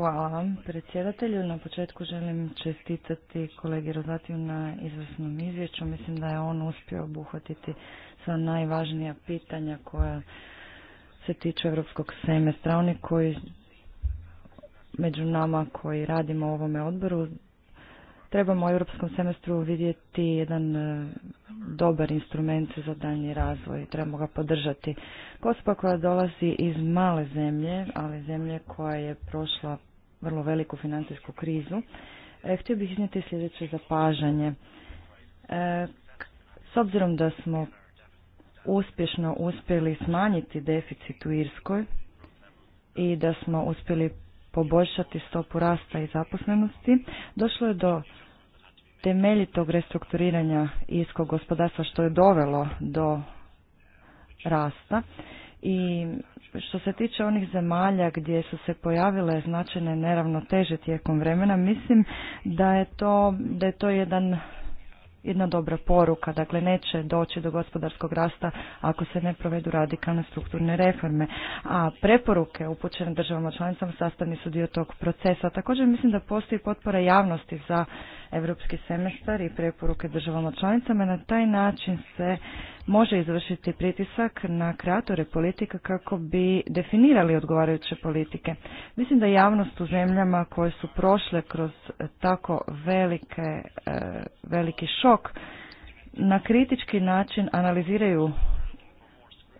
Hvala vam predsjedatelju. Na početku želim čestitati kolegi Rozatiju na izvrsnom izvješću. Mislim da je on uspio obuhvatiti sva najvažnija pitanja koja se tiču europskog semestra. Oni koji među nama koji radimo u ovome odboru trebamo u europskom semestru vidjeti jedan e, dobar instrument za daljnji razvoj. Trebamo ga podržati. Kospa koja dolazi iz male zemlje, ali zemlje koja je prošla vrlo veliku financijsku krizu, e, htio bih iznijeti sljedeće zapažanje. E, s obzirom da smo uspješno uspjeli smanjiti deficit u Irskoj i da smo uspjeli poboljšati stopu rasta i zaposlenosti, došlo je do temeljitog restrukturiranja irskog gospodarstva što je dovelo do rasta i što se tiče onih zemalja gdje su se pojavile značajne neravnoteže tijekom vremena, mislim da je to, da je to jedan jedna dobra poruka, dakle neće doći do gospodarskog rasta ako se ne provedu radikalne strukturne reforme. A preporuke upućene državama članicama sastavni su dio tog procesa. Također mislim da postoji potpora javnosti za europski semestar i preporuke državama članicama. Na taj način se može izvršiti pritisak na kreatore politika kako bi definirali odgovarajuće politike. Mislim da javnost u zemljama koje su prošle kroz tako velike, e, veliki šok na kritički način analiziraju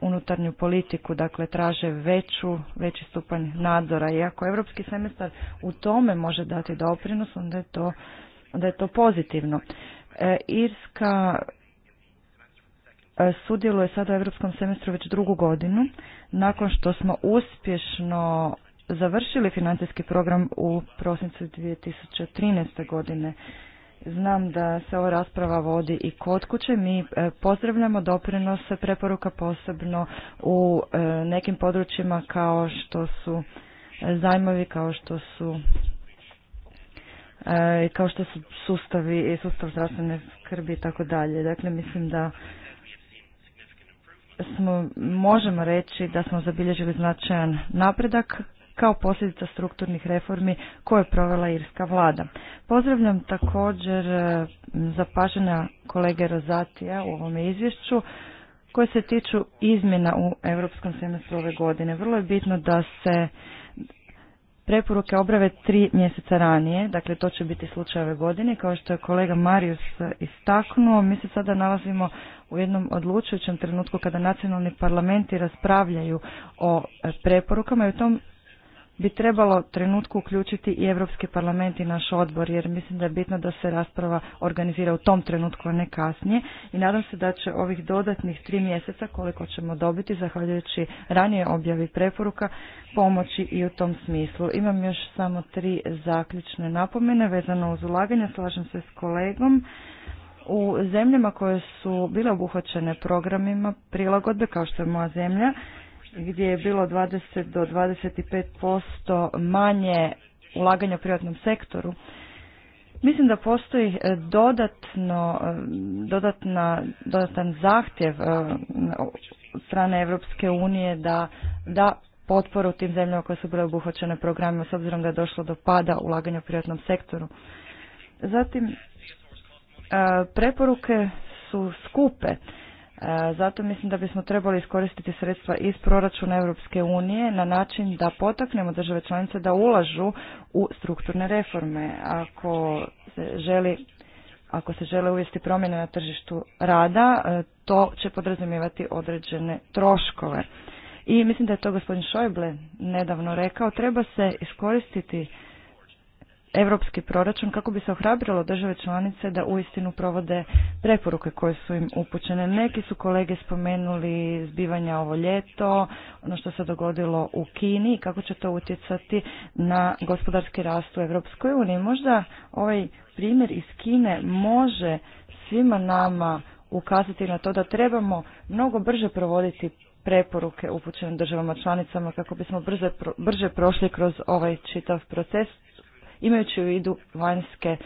unutarnju politiku, dakle traže veću, veći stupanj nadzora. I ako europski semestar u tome može dati doprinos, onda je to da je to pozitivno. E, Irska e, sudjeluje sada u Europskom semestru već drugu godinu, nakon što smo uspješno završili financijski program u prosincu 2013. godine. Znam da se ova rasprava vodi i kod kuće. Mi e, pozdravljamo doprinos preporuka posebno u nekim područjima kao što su zajmovi, kao što su e, kao što su sustavi i sustav zdravstvene skrbi i tako dalje. Dakle, mislim da smo, možemo reći da smo zabilježili značajan napredak kao posljedica strukturnih reformi koje je provela irska vlada. Pozdravljam također e, zapažena kolege Rozatija u ovom izvješću koje se tiču izmjena u europskom semestru ove godine. Vrlo je bitno da se preporuke obrave tri mjeseca ranije, dakle to će biti slučaj ove godine, kao što je kolega Marius istaknuo, mi se sada nalazimo u jednom odlučujućem trenutku kada nacionalni parlamenti raspravljaju o e, preporukama i u tom bi trebalo trenutku uključiti i Europski parlament i naš odbor, jer mislim da je bitno da se rasprava organizira u tom trenutku, a ne kasnije. I nadam se da će ovih dodatnih tri mjeseca koliko ćemo dobiti, zahvaljujući ranije objavi preporuka, pomoći i u tom smislu. Imam još samo tri zaključne napomene vezano uz ulaganje, slažem se s kolegom. U zemljama koje su bile obuhvaćene programima prilagodbe, kao što je moja zemlja, gdje je bilo 20 do 25% manje ulaganja u privatnom sektoru, Mislim da postoji e, dodatno, e, dodatna, dodatan zahtjev e, od strane Europske unije da, da potporu tim zemljama koje su bile obuhvaćene programima s obzirom da je došlo do pada ulaganja u privatnom sektoru. Zatim, preporuke su skupe E, zato mislim da bismo trebali iskoristiti sredstva iz proračuna Europske unije na način da potaknemo države članice da ulažu u strukturne reforme ako se želi ako se žele uvesti promjene na tržištu rada, e, to će podrazumijevati određene troškove. I mislim da je to gospodin Šojble nedavno rekao, treba se iskoristiti europski proračun kako bi se ohrabrilo države članice da uistinu provode preporuke koje su im upućene. Neki su kolege spomenuli zbivanja ovo ljeto, ono što se dogodilo u Kini i kako će to utjecati na gospodarski rast u Europskoj uniji. Možda ovaj primjer iz Kine može svima nama ukazati na to da trebamo mnogo brže provoditi preporuke upućene državama članicama kako bismo brže, brže prošli kroz ovaj čitav proces imajući u vidu vanjske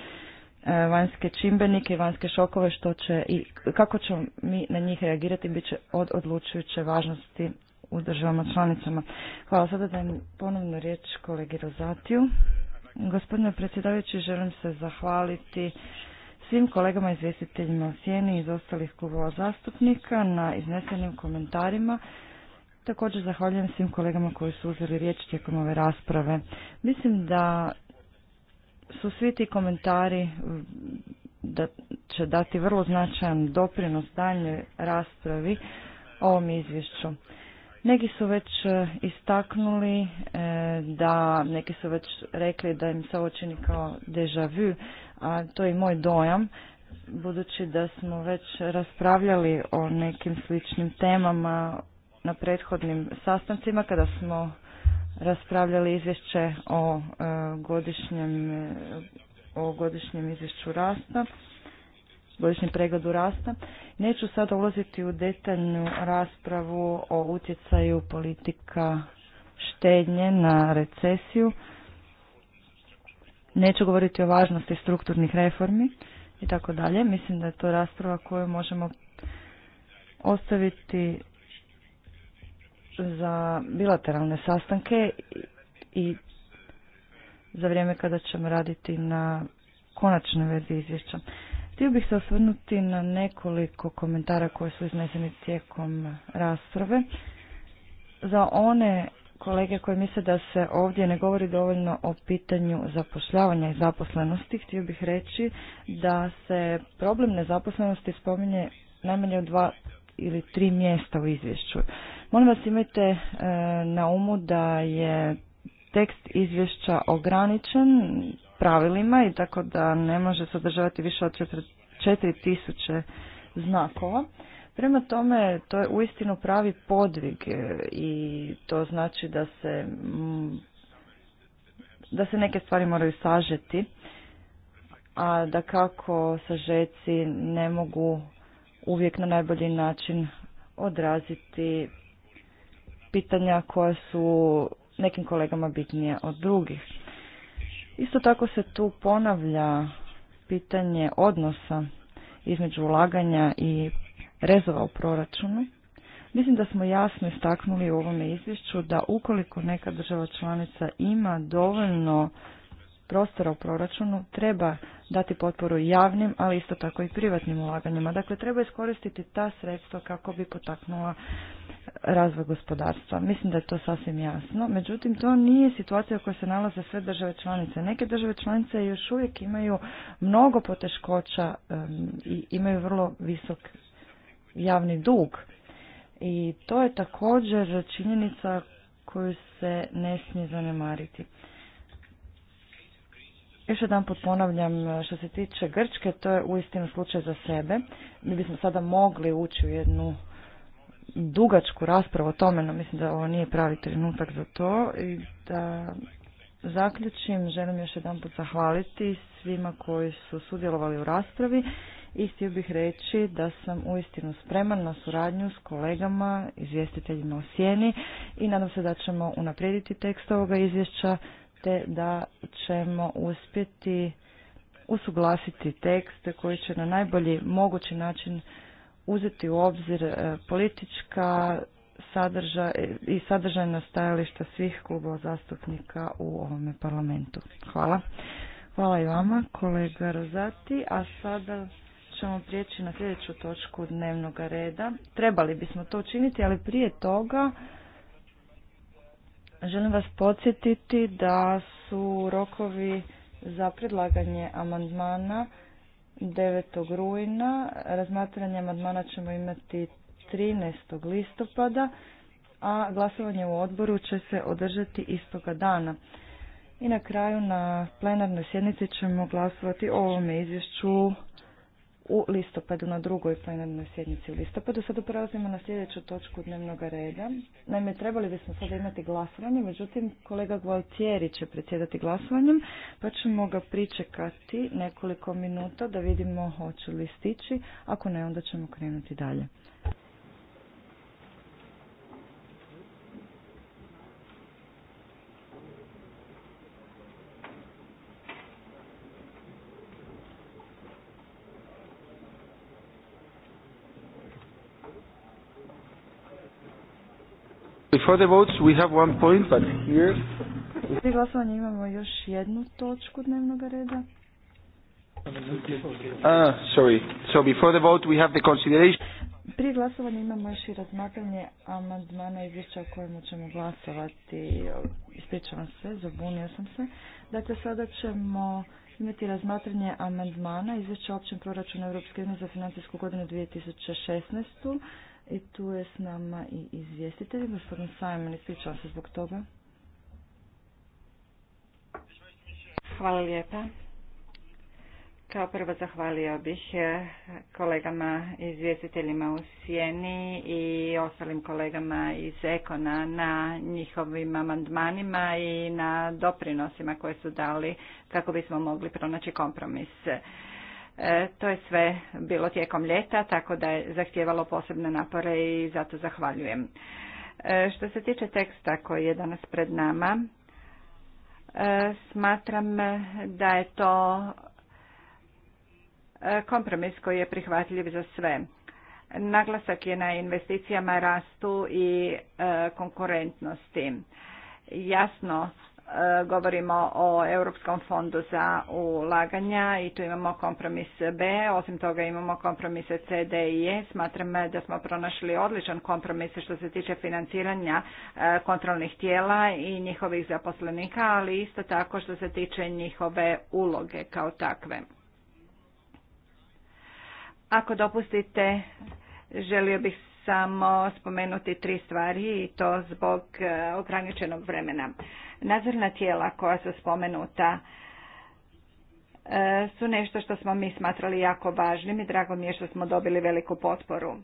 e, vanjske čimbenike i vanjske šokove što će i kako ćemo mi na njih reagirati bit će od odlučujuće važnosti u državama članicama. Hvala sada da ponovno riječ kolegi Rozatiju. Gospodine predsjedavajući, želim se zahvaliti svim kolegama izvjestiteljima u i iz ostalih klubova zastupnika na iznesenim komentarima. Također zahvaljujem svim kolegama koji su uzeli riječ tijekom ove rasprave. Mislim da su svi ti komentari da će dati vrlo značajan doprinos daljnjoj raspravi o ovom izvješću. Neki su već e, istaknuli e, da, neki su već rekli da im se ovo čini kao deja vu, a to je i moj dojam, budući da smo već raspravljali o nekim sličnim temama na prethodnim sastancima kada smo raspravljali izvješće o e, godišnjem, e, o godišnjem izvješću rasta, godišnjem pregledu rasta. Neću sada ulaziti u detaljnu raspravu o utjecaju politika štednje na recesiju. Neću govoriti o važnosti strukturnih reformi i tako dalje. Mislim da je to rasprava koju možemo ostaviti za bilateralne sastanke i za vrijeme kada ćemo raditi na konačnoj verziji izvješća. Htio bih se osvrnuti na nekoliko komentara koje su izneseni tijekom rasprave. Za one kolege koji misle da se ovdje ne govori dovoljno o pitanju zapošljavanja i zaposlenosti, htio bih reći da se problem nezaposlenosti spominje najmanje u dva ili tri mjesta u izvješću. Molim vas imajte e, na umu da je tekst izvješća ograničen pravilima i tako da ne može sadržavati više od 4000 znakova. Prema tome, to je uistinu pravi podvig e, i to znači da se, da se neke stvari moraju sažeti, a da kako sažeci ne mogu uvijek na najbolji način odraziti pitanja koja su nekim kolegama bitnije od drugih. Isto tako se tu ponavlja pitanje odnosa između ulaganja i rezova u proračunu. Mislim da smo jasno istaknuli u ovome izvješću da ukoliko neka država članica ima dovoljno prostora u proračunu treba dati potporu javnim, ali isto tako i privatnim ulaganjima. Dakle, treba iskoristiti ta sredstva kako bi potaknula razvoj gospodarstva. Mislim da je to sasvim jasno. Međutim, to nije situacija u kojoj se nalaze sve države članice. Neke države članice još uvijek imaju mnogo poteškoća i imaju vrlo visok javni dug. I to je također činjenica koju se ne smije zanemariti. Još jedan put ponavljam, e, što se tiče Grčke, to je uistinu slučaj za sebe. Mi bismo sada mogli ući u jednu dugačku raspravu o tome, no mislim da ovo nije pravi trenutak za to i da zaključim, želim još jedan put zahvaliti svima koji su sudjelovali u raspravi i htio bih reći da sam uistinu spreman na suradnju s kolegama, izvjestiteljima u sjeni i nadam se da ćemo unaprijediti tekst ovoga izvješća te da ćemo uspjeti usuglasiti tekst koji će na najbolji mogući način uzeti u obzir e, politička sadržaj e, i sadržajna stajališta svih klubova zastupnika u ovome parlamentu. Hvala. Hvala i vama, kolega Rozati. A sada ćemo prijeći na sljedeću točku dnevnog reda. Trebali bismo to učiniti, ali prije toga Želim vas podsjetiti da su rokovi za predlaganje amandmana 9. rujna. Razmatranje amandmana ćemo imati 13. listopada, a glasovanje u odboru će se održati istoga dana. I na kraju na plenarnoj sjednici ćemo glasovati o ovome izvješću u listopadu na drugoj plenarnoj sjednici u listopadu. Sada prelazimo na sljedeću točku dnevnog reda. Naime, trebali bismo sada imati glasovanje, međutim kolega Gualtieri će predsjedati glasovanjem, pa ćemo ga pričekati nekoliko minuta da vidimo hoće li stići, ako ne onda ćemo krenuti dalje. Before the votes we have one point, but here... imamo još jednu točku dnevnog reda. Ah, sorry. So before the vote we have the consideration. Prije glasovanja imamo još i razmatranje amandmana izvješća o kojemu ćemo glasovati. Ispričavam se, zabunio sam se. Dakle, sada ćemo imati razmatranje amandmana izvješća o općem proračunu Europske unije za financijsku godinu 2016. I tu je s nama i izvjestitelj, gospodin Simon, ispričavam se zbog toga. Hvala lijepa. Kao prvo zahvalio bih eh, kolegama izvjestiteljima u Sjeni i ostalim kolegama iz Ekona na njihovim amandmanima i na doprinosima koje su dali kako bismo mogli pronaći kompromis. E, to je sve bilo tijekom ljeta, tako da je zahtjevalo posebne napore i zato zahvaljujem. E, što se tiče teksta koji je danas pred nama, e, smatram da je to kompromis koji je prihvatljiv za sve. Naglasak je na investicijama, rastu i konkurentnosti. Jasno govorimo o Europskom fondu za ulaganja i tu imamo kompromis B, osim toga imamo kompromise C, D i E. Smatram da smo pronašli odličan kompromis što se tiče financiranja e, kontrolnih tijela i njihovih zaposlenika, ali isto tako što se tiče njihove uloge kao takve. Ako dopustite, želio bih samo spomenuti tri stvari i to zbog e, ograničenog vremena. Nadzorna tijela koja su spomenuta e, su nešto što smo mi smatrali jako važnim i drago mi je što smo dobili veliku potporu. E,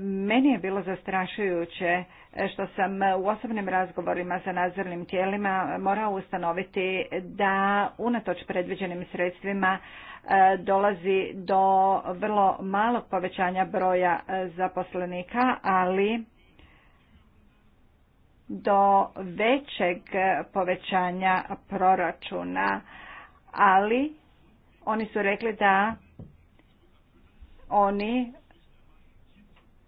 meni je bilo zastrašujuće što sam u osobnim razgovorima sa nadzornim tijelima morao ustanoviti da unatoč predviđenim sredstvima e, dolazi do vrlo malog povećanja broja zaposlenika, ali do većeg povećanja proračuna, ali oni su rekli da oni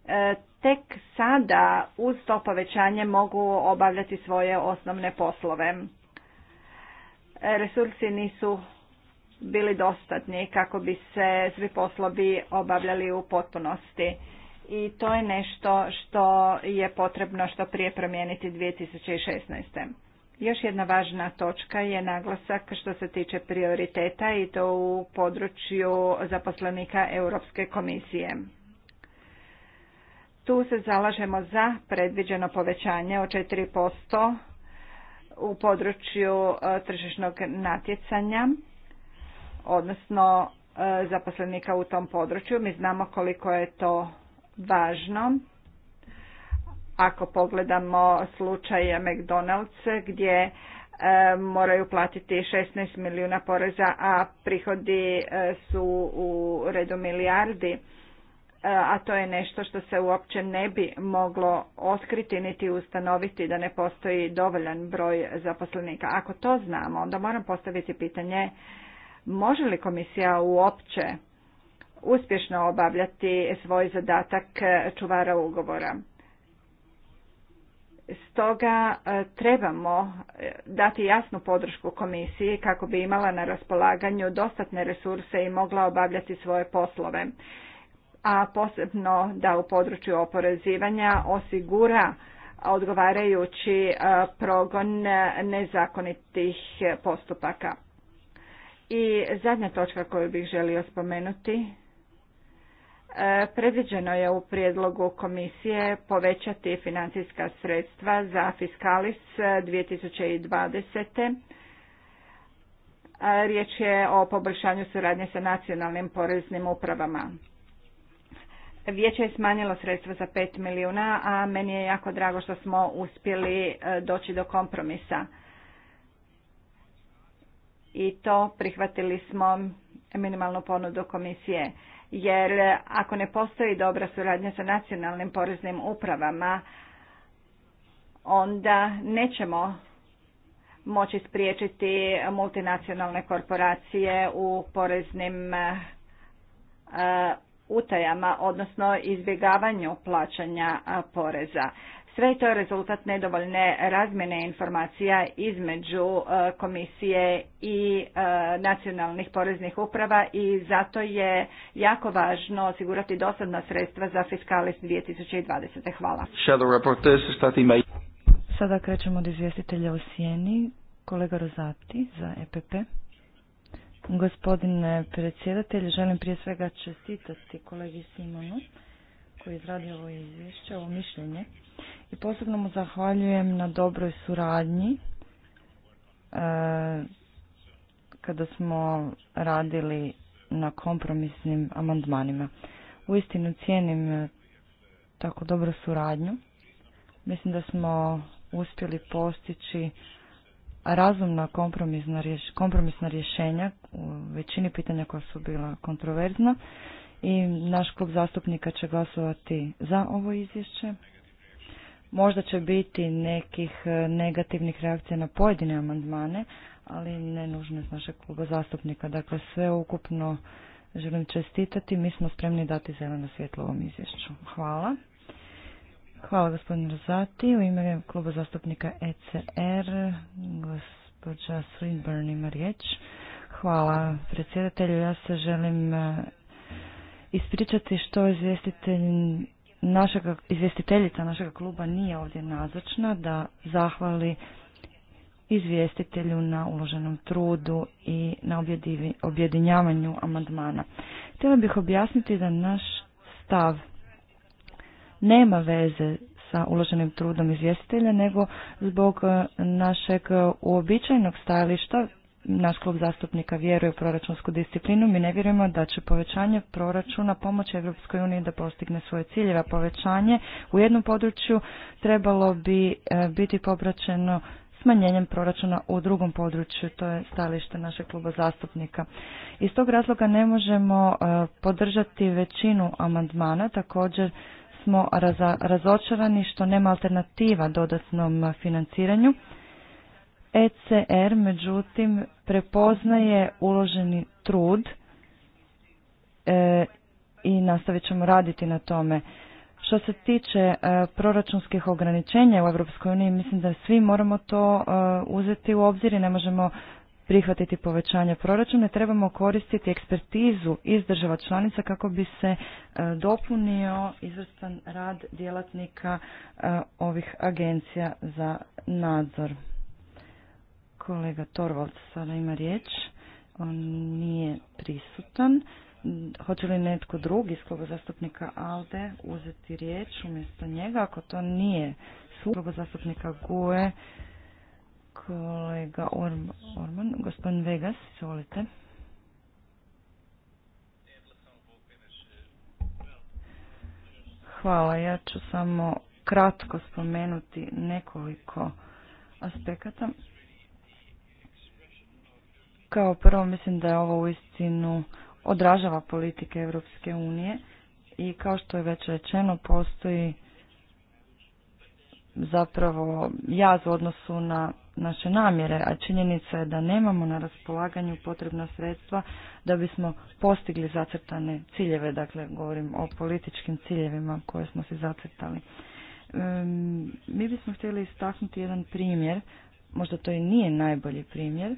e, tek sada uz to povećanje mogu obavljati svoje osnovne poslove. Resursi nisu bili dostatni kako bi se svi poslovi obavljali u potpunosti i to je nešto što je potrebno što prije promijeniti 2016. Još jedna važna točka je naglasak što se tiče prioriteta i to u području zaposlenika Europske komisije. Tu se zalažemo za predviđeno povećanje od 4% u području e, tržišnog natjecanja, odnosno e, zaposlenika u tom području. Mi znamo koliko je to važno ako pogledamo slučaje McDonald's gdje e, moraju platiti 16 milijuna poreza, a prihodi e, su u redu milijardi, e, a to je nešto što se uopće ne bi moglo otkriti niti ustanoviti da ne postoji dovoljan broj zaposlenika. Ako to znamo, onda moram postaviti pitanje može li komisija uopće uspješno obavljati svoj zadatak e, čuvara ugovora. Stoga e, trebamo e, dati jasnu podršku komisiji kako bi imala na raspolaganju dostatne resurse i mogla obavljati svoje poslove, a posebno da u području oporezivanja osigura odgovarajući progon nezakonitih postupaka. I zadnja točka koju bih želio spomenuti E, predviđeno je u prijedlogu komisije povećati financijska sredstva za Fiskalis 2020. E, e, riječ je o poboljšanju suradnje sa nacionalnim poreznim upravama. Vijeće je smanjilo sredstva za 5 milijuna, a meni je jako drago što smo uspjeli doći do kompromisa. I to prihvatili smo minimalnu ponudu komisije jer ako ne postoji dobra suradnja sa nacionalnim poreznim upravama, onda nećemo moći spriječiti multinacionalne korporacije u poreznim e, utajama, odnosno izbjegavanju plaćanja poreza. Sve to je rezultat nedovoljne razmjene informacija između e, komisije i e, nacionalnih poreznih uprava i zato je jako važno osigurati dosadna sredstva za fiskalist 2020. Hvala. Sada krećemo od izvjestitelja u Sijeni, Kolega Rozati za EPP. Gospodine predsjedatelj, želim prije svega čestitati kolegi Simonu koji je izradio ovo izvješće, ovo mišljenje i posebno mu zahvaljujem na dobroj suradnji e, kada smo radili na kompromisnim amandmanima. Uistinu cijenim e, tako dobru suradnju. Mislim da smo uspjeli postići razumna kompromisna rješenja u većini pitanja koja su bila kontroverzna i naš klub zastupnika će glasovati za ovo izvješće. Možda će biti nekih e, negativnih reakcija na pojedine amandmane, ali ne nužno iz našeg kluba zastupnika. Dakle, sve ukupno želim čestitati. Mi smo spremni dati zeleno svjetlo ovom izvješću. Hvala. Hvala gospodin Rozati. U ime kluba zastupnika ECR, gospođa Swinburne ima riječ. Hvala predsjedatelju. Ja se želim e, ispričati što izvjestitelj našega, izvjestiteljica našega kluba nije ovdje nazočna, da zahvali izvjestitelju na uloženom trudu i na objedinjavanju amandmana. Htjela bih objasniti da naš stav nema veze sa uloženim trudom izvjestitelja, nego zbog eh, našeg eh, uobičajnog stajališta naš klub zastupnika vjeruje u proračunsku disciplinu, mi ne vjerujemo da će povećanje proračuna pomoći Europskoj uniji da postigne svoje ciljeve. Povećanje u jednom području trebalo bi e, biti popraćeno smanjenjem proračuna u drugom području, to je stalište našeg kluba zastupnika. Iz tog razloga ne možemo e, podržati većinu amandmana, također smo razočarani što nema alternativa dodatnom financiranju ECR međutim prepoznaje uloženi trud e, i nastavit ćemo raditi na tome. Što se tiče e, proračunskih ograničenja u EU, mislim da svi moramo to e, uzeti u obzir i ne možemo prihvatiti povećanje proračuna. Trebamo koristiti ekspertizu iz država članica kako bi se dopunio izvrstan rad djelatnika ovih agencija za nadzor. Kolega Torvald sada ima riječ. On nije prisutan. Hoće li netko drugi iz kluba zastupnika ALDE uzeti riječ umjesto njega? Ako to nije kluba zastupnika GUE, kolega Orman, gospodin Vegas, izvolite. Hvala, ja ću samo kratko spomenuti nekoliko aspekata. Kao prvo mislim da je ovo uistinu odražava politike Europske unije i kao što je već rečeno postoji zapravo jaz u odnosu na naše namjere, a činjenica je da nemamo na raspolaganju potrebna sredstva da bismo postigli zacrtane ciljeve, dakle govorim o političkim ciljevima koje smo si zacrtali. mi bismo htjeli istaknuti jedan primjer, možda to i nije najbolji primjer,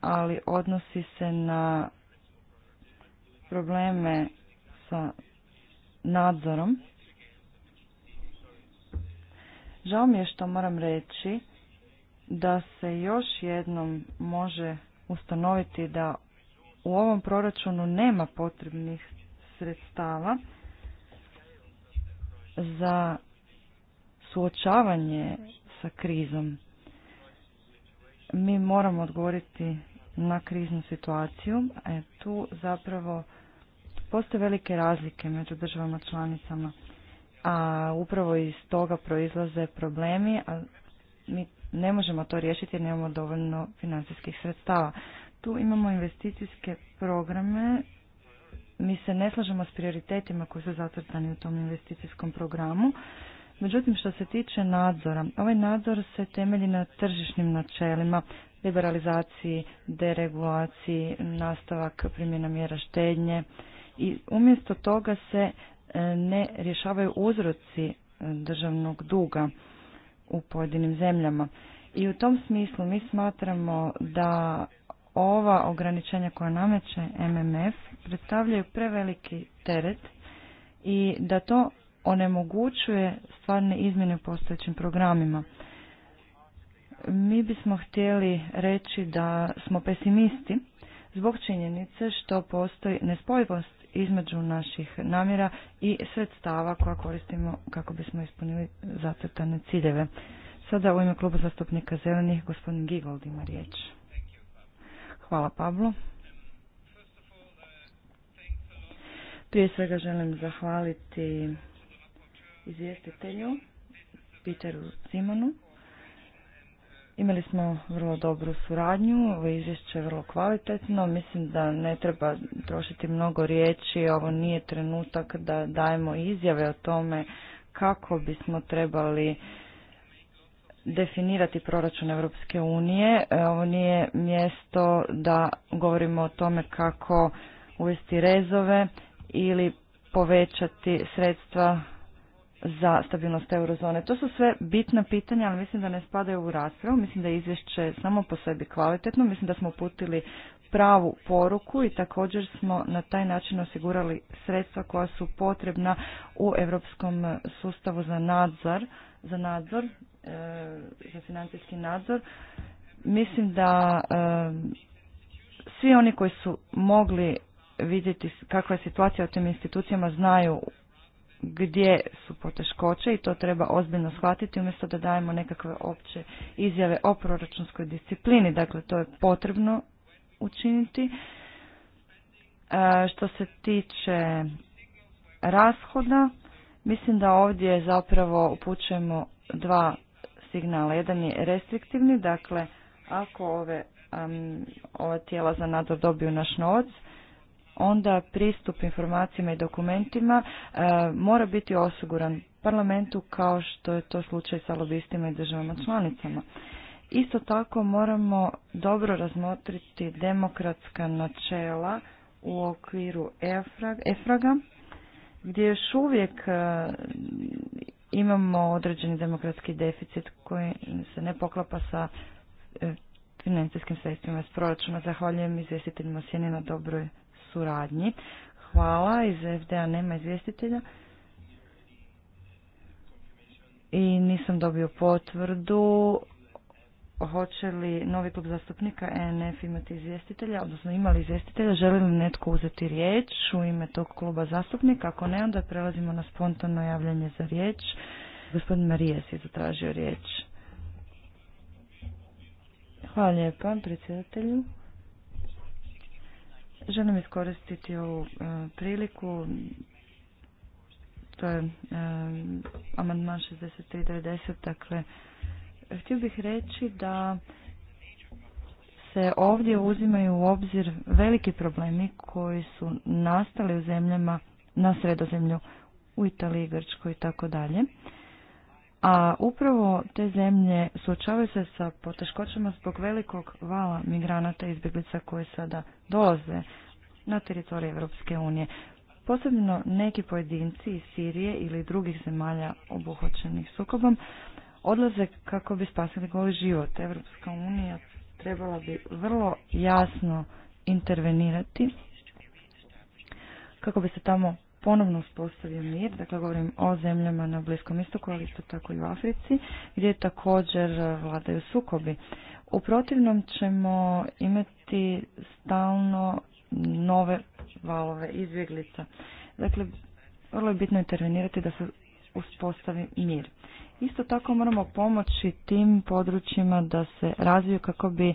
ali odnosi se na probleme sa nadzorom. Žao mi je što moram reći da se još jednom može ustanoviti da u ovom proračunu nema potrebnih sredstava za suočavanje sa krizom. Mi moramo odgovoriti na kriznu situaciju. E, tu zapravo postoje velike razlike među državama članicama, a upravo iz toga proizlaze problemi, a mi ne možemo to riješiti jer nemamo dovoljno financijskih sredstava. Tu imamo investicijske programe, mi se ne slažemo s prioritetima koji su zatvrtani u tom investicijskom programu. Međutim, što se tiče nadzora, ovaj nadzor se temelji na tržišnim načelima, liberalizaciji, deregulaciji, nastavak primjena mjera štednje i umjesto toga se e, ne rješavaju uzroci e, državnog duga u pojedinim zemljama. I u tom smislu mi smatramo da ova ograničenja koja nameće MMF predstavljaju preveliki teret i da to onemogućuje stvarne izmjene u postojećim programima mi bismo htjeli reći da smo pesimisti zbog činjenice što postoji nespojivost između naših namjera i sredstava koja koristimo kako bismo ispunili zacrtane ciljeve. Sada u ime kluba zastupnika Zelenih gospodin Gigold ima riječ. Hvala Pablo. Prije svega želim zahvaliti izvjestitelju Peteru Simonu Imali smo vrlo dobru suradnju, ovo izvješće je vrlo kvalitetno, mislim da ne treba trošiti mnogo riječi, ovo nije trenutak da dajemo izjave o tome kako bismo trebali definirati proračun Europske unije. E, ovo nije mjesto da govorimo o tome kako uvesti rezove ili povećati sredstva za stabilnost eurozone. To su sve bitna pitanja, ali mislim da ne spadaju u raspravu. Mislim da je izvješće samo po sebi kvalitetno. Mislim da smo uputili pravu poruku i također smo na taj način osigurali sredstva koja su potrebna u europskom sustavu za nadzor, za nadzor, e, za financijski nadzor. Mislim da e, svi oni koji su mogli vidjeti kakva je situacija u tim institucijama znaju gdje su poteškoće i to treba ozbiljno shvatiti umjesto da dajemo nekakve opće izjave o proračunskoj disciplini. Dakle, to je potrebno učiniti. E, što se tiče rashoda, mislim da ovdje zapravo upućujemo dva signala. Jedan je restriktivni, dakle, ako ove ova tijela za nadzor dobiju naš novac, onda pristup informacijama i dokumentima e, mora biti osiguran parlamentu kao što je to slučaj sa lobistima i državama članicama. Isto tako moramo dobro razmotriti demokratska načela u okviru EFRAG, EFRAGA gdje još uvijek e, imamo određeni demokratski deficit koji se ne poklapa sa e, financijskim sredstvima iz proračuna. Zahvaljujem izvjestiteljima Sjeni na dobroj suradnji. Hvala, iz FDA nema izvjestitelja. I nisam dobio potvrdu. Hoće li novi klub zastupnika e NF imati izvjestitelja, odnosno imali izvjestitelja, želi li netko uzeti riječ u ime tog kluba zastupnika? Ako ne, onda prelazimo na spontano javljanje za riječ. Gospodin Marijas je zatražio riječ. Hvala lijepa predsjedatelju. Želim iskoristiti ovu e, priliku. To je eh, amandman 63.90. Dakle, htio bih reći da se ovdje uzimaju u obzir veliki problemi koji su nastali u zemljama na sredozemlju u Italiji, Grčkoj i tako dalje a upravo te zemlje suočavaju se sa poteškoćama zbog velikog vala migranata i izbjeglica koji sada dolaze na teritoriju Europske unije. Posebno neki pojedinci iz Sirije ili drugih zemalja obuhvaćenih sukobom odlaze kako bi spasili goli život. Europska unija trebala bi vrlo jasno intervenirati kako bi se tamo ponovno uspostavio mir, dakle govorim o zemljama na Bliskom istoku, ali isto tako i u Africi, gdje također e, vladaju sukobi. U protivnom ćemo imati stalno nove valove izbjeglica. Dakle, vrlo je bitno intervenirati da se uspostavi mir. Isto tako moramo pomoći tim područjima da se razviju kako bi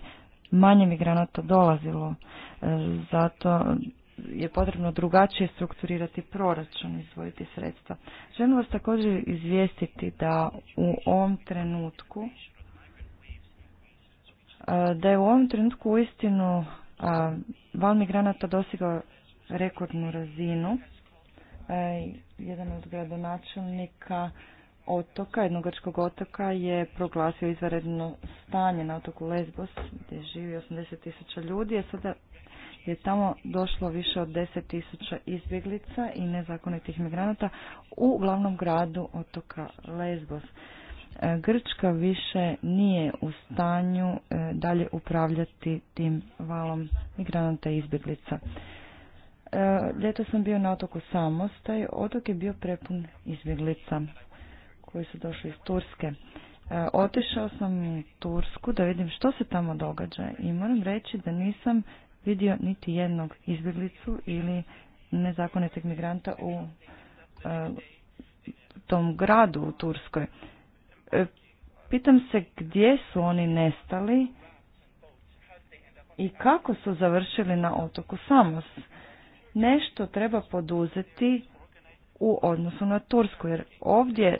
manje migranata dolazilo. E, zato je potrebno drugačije strukturirati proračun, i izvojiti sredstva. Želim vas također izvijestiti da u ovom trenutku eh, da je u ovom trenutku istinu eh, val migranata dosigao rekordnu razinu. Eh, jedan od gradonačelnika otoka, jednogračkog otoka je proglasio izvanredno stanje na otoku Lesbos gdje živi 80 tisuća ljudi, a sada je tamo došlo više od 10.000 izbjeglica i nezakonitih migranata u glavnom gradu otoka Lesbos. E, Grčka više nije u stanju e, dalje upravljati tim valom migranata i izbjeglica. E, Ljeto sam bio na otoku Samostaj. otok je bio prepun izbjeglica koji su došli iz Turske. Otišao sam u Tursku da vidim što se tamo događa i moram reći da nisam vidio niti jednog izbjeglicu ili nezakonitog migranta u e, tom gradu u Turskoj. E, pitam se gdje su oni nestali i kako su završili na otoku Samos. Nešto treba poduzeti u odnosu na Tursku, jer ovdje e,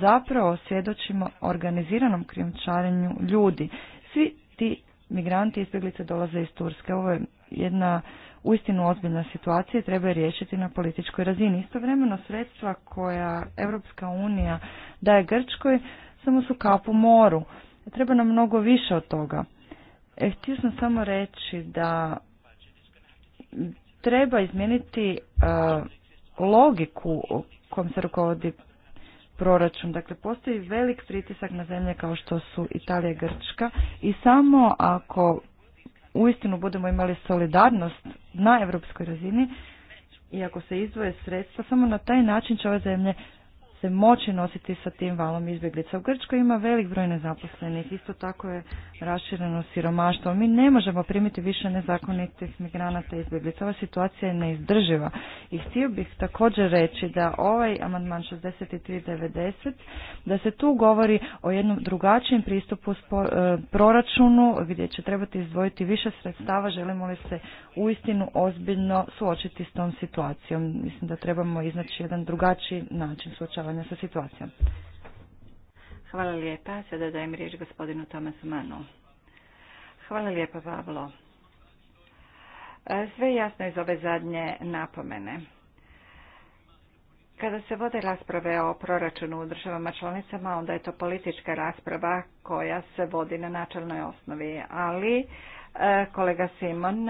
zapravo svjedočimo organiziranom krijumčarenju ljudi. Svi ti migranti i izbjeglice dolaze iz Turske. Ovo je jedna uistinu ozbiljna situacija i treba je riješiti na političkoj razini. Istovremeno sredstva koja Europska unija daje Grčkoj samo su kap u moru. Treba nam mnogo više od toga. E, htio sam samo reći da treba izmijeniti e, logiku kojom se rukovodi proračun. Dakle, postoji velik pritisak na zemlje kao što su Italija i Grčka i samo ako uistinu budemo imali solidarnost na europskoj razini i ako se izdvoje sredstva, samo na taj način će ove zemlje se moći nositi sa tim valom izbjeglica. U Grčkoj ima velik broj nezaposlenih, isto tako je rašireno siromaštvo. Mi ne možemo primiti više nezakonitih migranata i izbjeglica. Ova situacija je neizdrživa. I htio bih također reći da ovaj amandman 63.90, da se tu govori o jednom drugačijem pristupu e, proračunu gdje će trebati izdvojiti više sredstava, želimo li se uistinu ozbiljno suočiti s tom situacijom. Mislim da trebamo iznaći jedan drugačiji način suočavanja na sa situacijom. Hvala lijepa. Sada dajem riječ gospodinu Tomasu Manu. Hvala lijepa, Pavlo. E, sve jasno iz ove zadnje napomene. Kada se vode rasprave o proračunu u državama članicama, onda je to politička rasprava koja se vodi na načelnoj osnovi, ali E, kolega Simon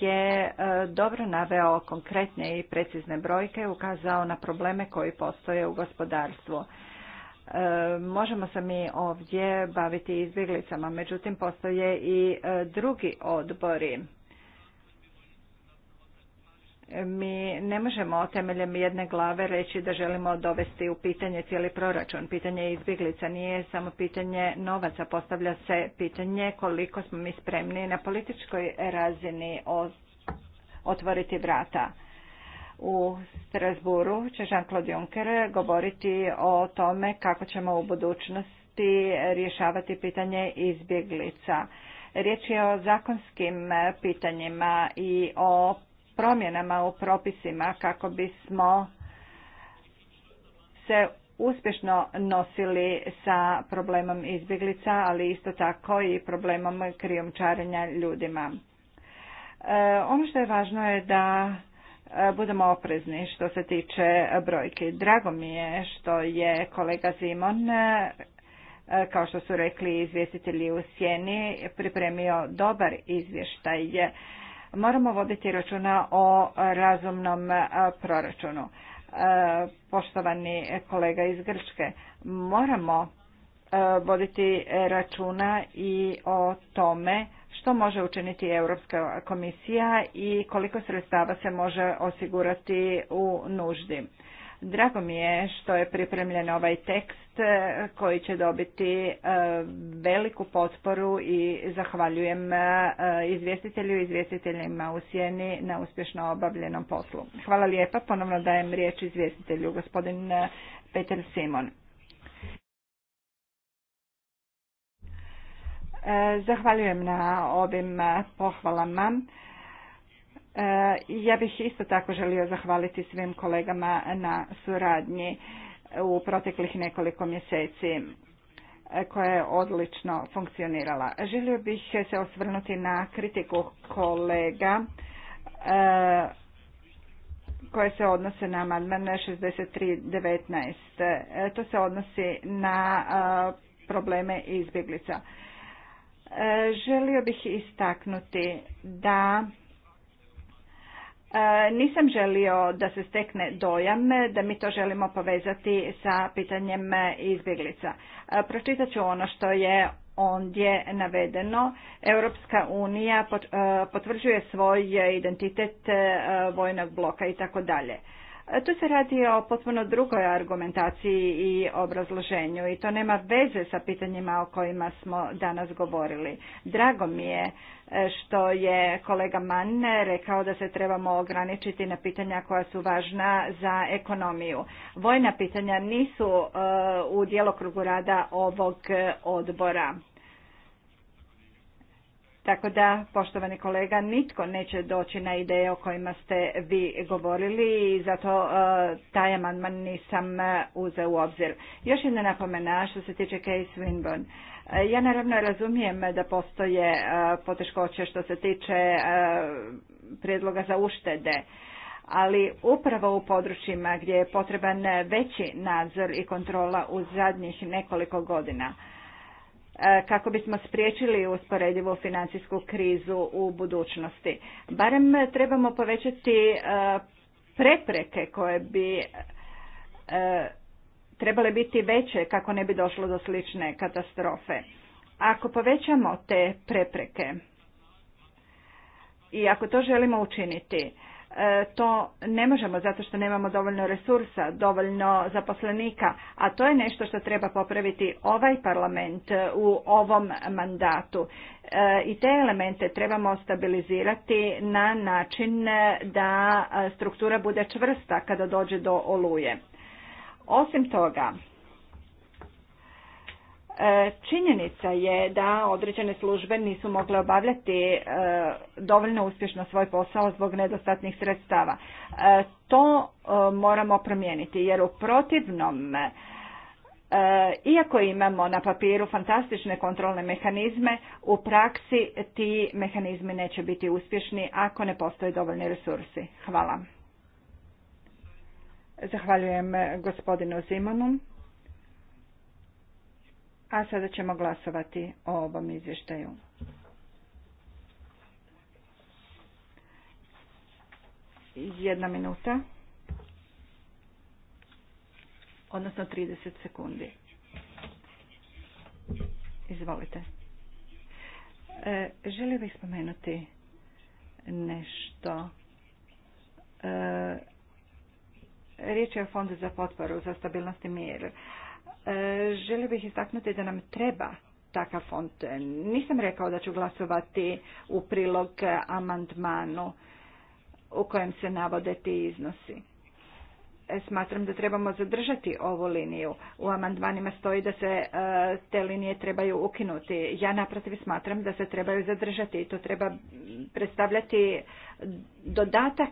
je e, dobro naveo konkretne i precizne brojke, ukazao na probleme koji postoje u gospodarstvu. E, možemo se mi ovdje baviti izbjeglicama, međutim postoje i drugi odbori mi ne možemo temeljem jedne glave reći da želimo dovesti u pitanje cijeli proračun. Pitanje izbjeglica nije samo pitanje novaca, postavlja se pitanje koliko smo mi spremni na političkoj razini otvoriti vrata u Strasburu će Jean-Claude Juncker govoriti o tome kako ćemo u budućnosti rješavati pitanje izbjeglica. Riječ je o zakonskim pitanjima i o promjenama u propisima kako bismo se uspješno nosili sa problemom izbjeglica, ali isto tako i problemom krijumčarenja ljudima. E, ono što je važno je da e, budemo oprezni što se tiče brojki. Drago mi je što je kolega Zimon, e, kao što su rekli izvjestitelji u Sjeni, pripremio dobar izvještaj Moramo voditi računa o razumnom e, proračunu. E, poštovani kolega iz Grčke, moramo e, voditi računa i o tome što može učiniti Europska komisija i koliko sredstava se može osigurati u nuždi. Drago mi je što je pripremljen ovaj tekst e, koji će dobiti e, veliku potporu i zahvaljujem e, izvjestitelju i izvjestiteljima u Sjeni na uspješno obavljenom poslu. Hvala lijepa, ponovno dajem riječ izvjestitelju, gospodin Peter Simon. Zahvaljujem na ovim pohvalama. E, ja bih isto tako želio zahvaliti svim kolegama na suradnji u proteklih nekoliko mjeseci e, koja je odlično funkcionirala. Želio bih se osvrnuti na kritiku kolega e, koje se odnose na amandman 63.19. To se odnosi na probleme izbjeglica. Želio bih istaknuti da E, nisam želio da se stekne dojam da mi to želimo povezati sa pitanjem izbjeglica. E, pročitat ću ono što je ondje navedeno. Europska unija e, potvrđuje svoj identitet vojnog bloka i tako dalje. E, tu se radi o potpuno drugoj argumentaciji i obrazloženju i to nema veze sa pitanjima o kojima smo danas govorili. Drago mi je e, što je kolega Mann rekao da se trebamo ograničiti na pitanja koja su važna za ekonomiju. Vojna pitanja nisu e, u djelokrugu rada ovog odbora. Tako da, poštovani kolega, nitko neće doći na ideje o kojima ste vi govorili i zato e, taj amandman nisam e, uzeo u obzir. Još jedna napomena što se tiče Case Winburn. E, ja naravno razumijem da postoje poteškoće što se tiče prijedloga za uštede, ali upravo u područjima gdje je potreban veći nadzor i kontrola u zadnjih nekoliko godina – E, kako bismo spriječili usporedivu financijsku krizu u budućnosti. Barem trebamo povećati e, prepreke koje bi e, trebale biti veće kako ne bi došlo do slične katastrofe. Ako povećamo te prepreke i ako to želimo učiniti, E, to ne možemo zato što nemamo dovoljno resursa, dovoljno zaposlenika, a to je nešto što treba popraviti ovaj parlament e, u ovom mandatu. E, I te elemente trebamo stabilizirati na način da struktura bude čvrsta kada dođe do oluje. Osim toga, E, činjenica je da određene službe nisu mogle obavljati e, dovoljno uspješno svoj posao zbog nedostatnih sredstava. E, to moramo promijeniti jer u protivnom, iako imamo na papiru fantastične kontrolne mehanizme, u praksi ti mehanizmi neće biti uspješni ako ne postoje dovoljni resursi. Hvala. Zahvaljujem gospodinu Zimonu. A sada ćemo glasovati o ovom izvještaju. Jedna minuta. Odnosno 30 sekundi. Izvolite. E, želim bih spomenuti nešto. E, riječ je o Fondu za potporu za stabilnost i mir. E, želio bih istaknuti da nam treba takav fond. Nisam rekao da ću glasovati u prilog amandmanu u kojem se navode ti iznosi smatram da trebamo zadržati ovu liniju. U amandmanima stoji da se e, te linije trebaju ukinuti. Ja naprotiv smatram da se trebaju zadržati i to treba predstavljati dodatak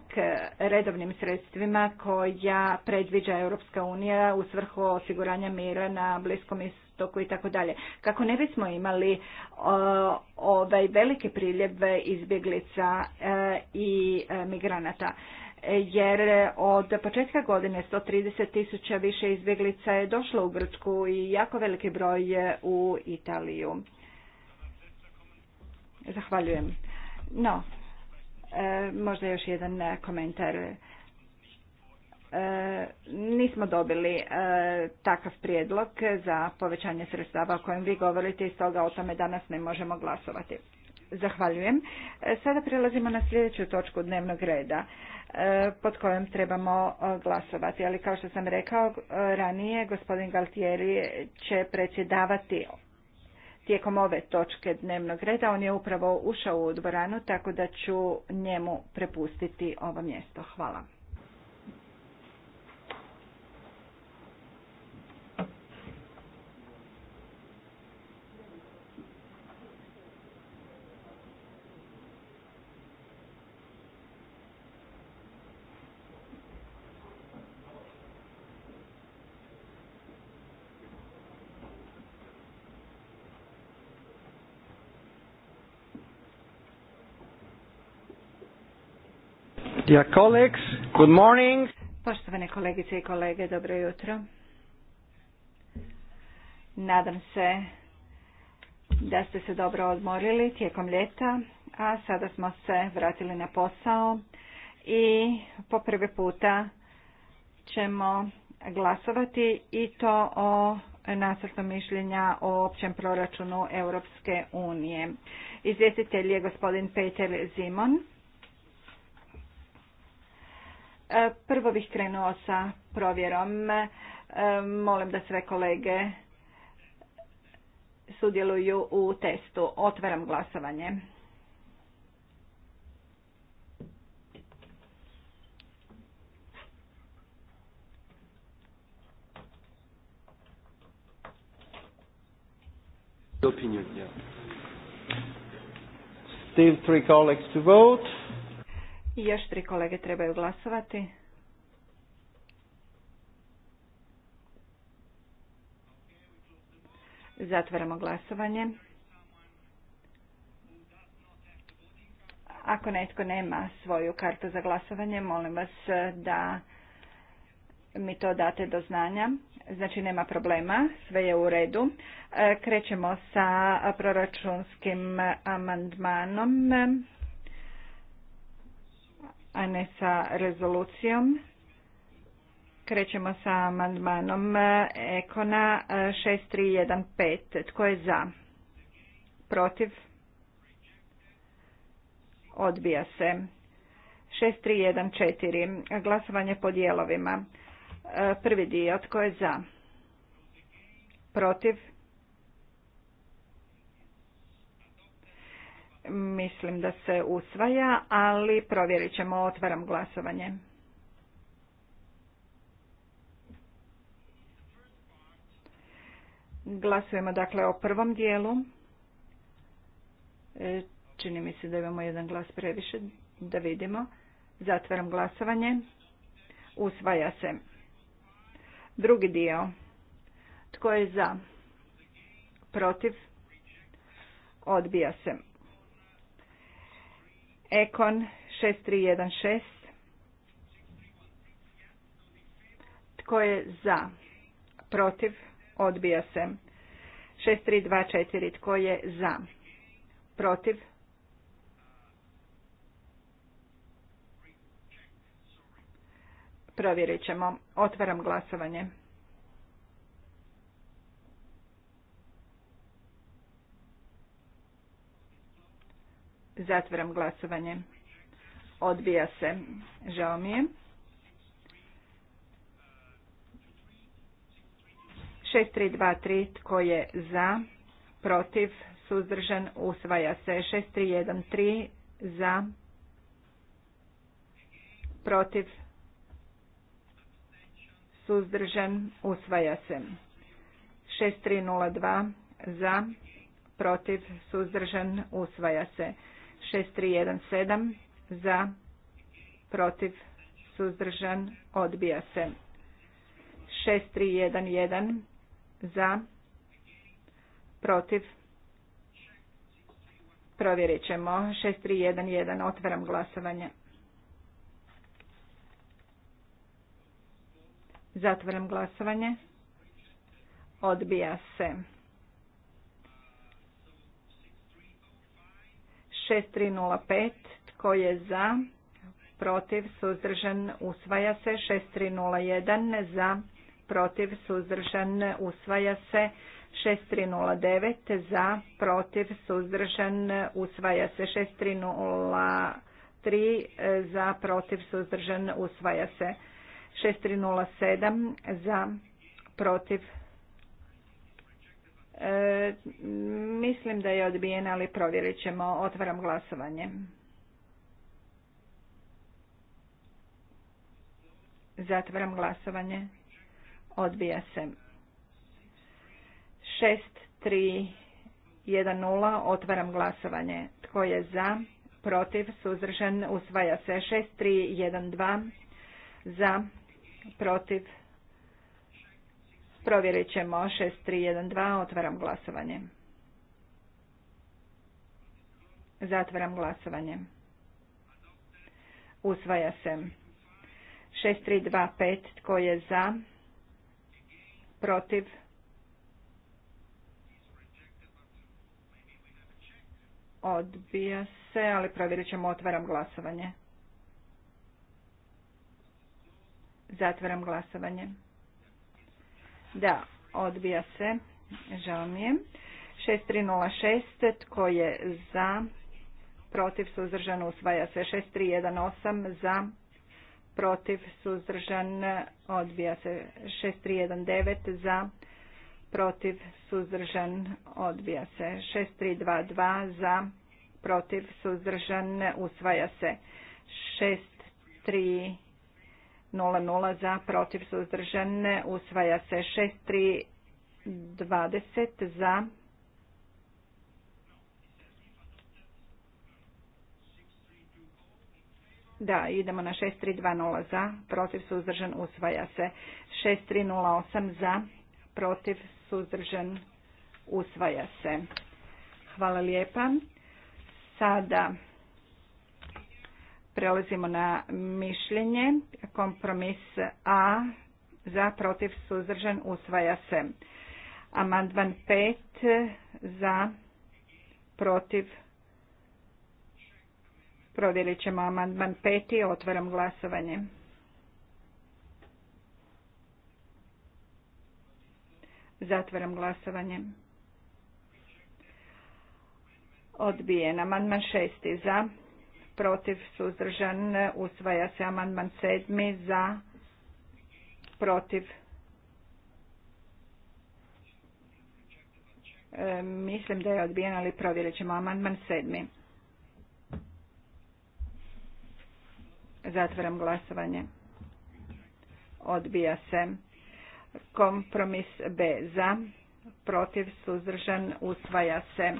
redovnim sredstvima koja predviđa Europska unija u svrhu osiguranja mira na Bliskom istoku i tako dalje. Kako ne bismo imali e, ovaj veliki priljev izbjeglica e, i migranata jer od početka godine 130 tisuća više izbjeglica je došlo u Grčku i jako veliki broj je u Italiju. Zahvaljujem. No, e, možda još jedan komentar. E, nismo dobili e, takav prijedlog za povećanje sredstava o kojem vi govorite i stoga o tome danas ne možemo glasovati. Zahvaljujem. E, sada prelazimo na sljedeću točku dnevnog reda e, pod kojom trebamo e, glasovati. Ali kao što sam rekao ranije, gospodin Galtieri će predsjedavati tijekom ove točke dnevnog reda. On je upravo ušao u dvoranu, tako da ću njemu prepustiti ovo mjesto. Hvala. Dear colleagues, good morning. Poštovane kolegice i kolege, dobro jutro. Nadam se da ste se dobro odmorili tijekom ljeta, a sada smo se vratili na posao i po prvi puta ćemo glasovati i to o nacrtu mišljenja o općem proračunu Europske unije. Izvjestitelj je gospodin Peter Zimon. Prvo bih krenuo sa provjerom. E, molim da sve kolege sudjeluju u testu. Otvaram glasovanje. Opinion, yeah. Still three colleagues to vote. Još tri kolege trebaju glasovati. Zatvaramo glasovanje. Ako netko nema svoju kartu za glasovanje, molim vas da mi to date do znanja. Znači nema problema, sve je u redu. E, krećemo sa proračunskim amandmanom a ne sa rezolucijom. Krećemo sa amandmanom e, Ekona 6315. E, tko je za? Protiv? Odbija se. 6314. Glasovanje po dijelovima. E, prvi dio. Tko je za? Protiv? Mislim da se usvaja, ali provjerit ćemo. Otvaram glasovanje. Glasujemo dakle o prvom dijelu. E, čini mi se da imamo jedan glas previše. Da vidimo. Zatvaram glasovanje. Usvaja se. Drugi dio. Tko je za? Protiv? Odbija se. Ekon 6316. Tko je za? Protiv? Odbija se. 6324. Tko je za? Protiv? Provjerit ćemo. Otvaram glasovanje. Zatvaram glasovanje. Odbija se. Žao mi je. 6323 tko je za, protiv, suzdržan, usvaja se. 6313 za, protiv, suzdržan, usvaja se. 6302 za, protiv, suzdržan, usvaja se. 6317 za, protiv, suzdržan, odbija se. 6311 za, protiv, provjerit ćemo. 6311, otvaram glasovanje. Zatvaram glasovanje. Odbija se. 6305 tko je za, protiv, suzdržan, usvaja se. 6301 za, protiv, suzdržan, usvaja se. 6309 za, protiv, suzdržan, usvaja se. 6303 za, protiv, suzdržan, usvaja se. 6307 za, protiv, E, mislim da je odbijena, ali provjerit ćemo. Otvaram glasovanje. Zatvaram glasovanje. Odbija se. 6-3-1-0. Otvaram glasovanje. Tko je za? Protiv? Suzdržan? Usvaja se. 6-3-1-2. Za? Protiv? Provjerit ćemo 6312. Otvaram glasovanje. Zatvaram glasovanje. Usvaja se. 6325. Tko je za? Protiv? Odbija se, ali provjerit ćemo. Otvaram glasovanje. Zatvaram glasovanje. Da, odbija se. Žao mi je. 6306. Tko je za? Protiv suzdržan usvaja se. 6318. Za? Protiv suzdržan odbija se. 6319. Za? Protiv suzdržan odbija se. 6322. Za? Protiv suzdržan usvaja se. 63 00 za, protiv, suzdržan, usvaja se 6320 za, Da, idemo na 6320 za, protiv suzdržan usvaja se. 6308 za, protiv suzdržan usvaja se. Hvala lijepa. Sada Prelazimo na mišljenje. Kompromis A za protiv suzdržan usvaja se. Amandman 5 za protiv Provjerit ćemo amandman 5. Otvaram glasovanje. Zatvaram glasovanje. Odbijen amandman 6. za protiv, suzdržan, usvaja se amandman sedmi, za, protiv. E, mislim da je odbijen, ali provjerit ćemo amandman sedmi. Zatvaram glasovanje. Odbija se. Kompromis B za, protiv, suzdržan, usvaja se.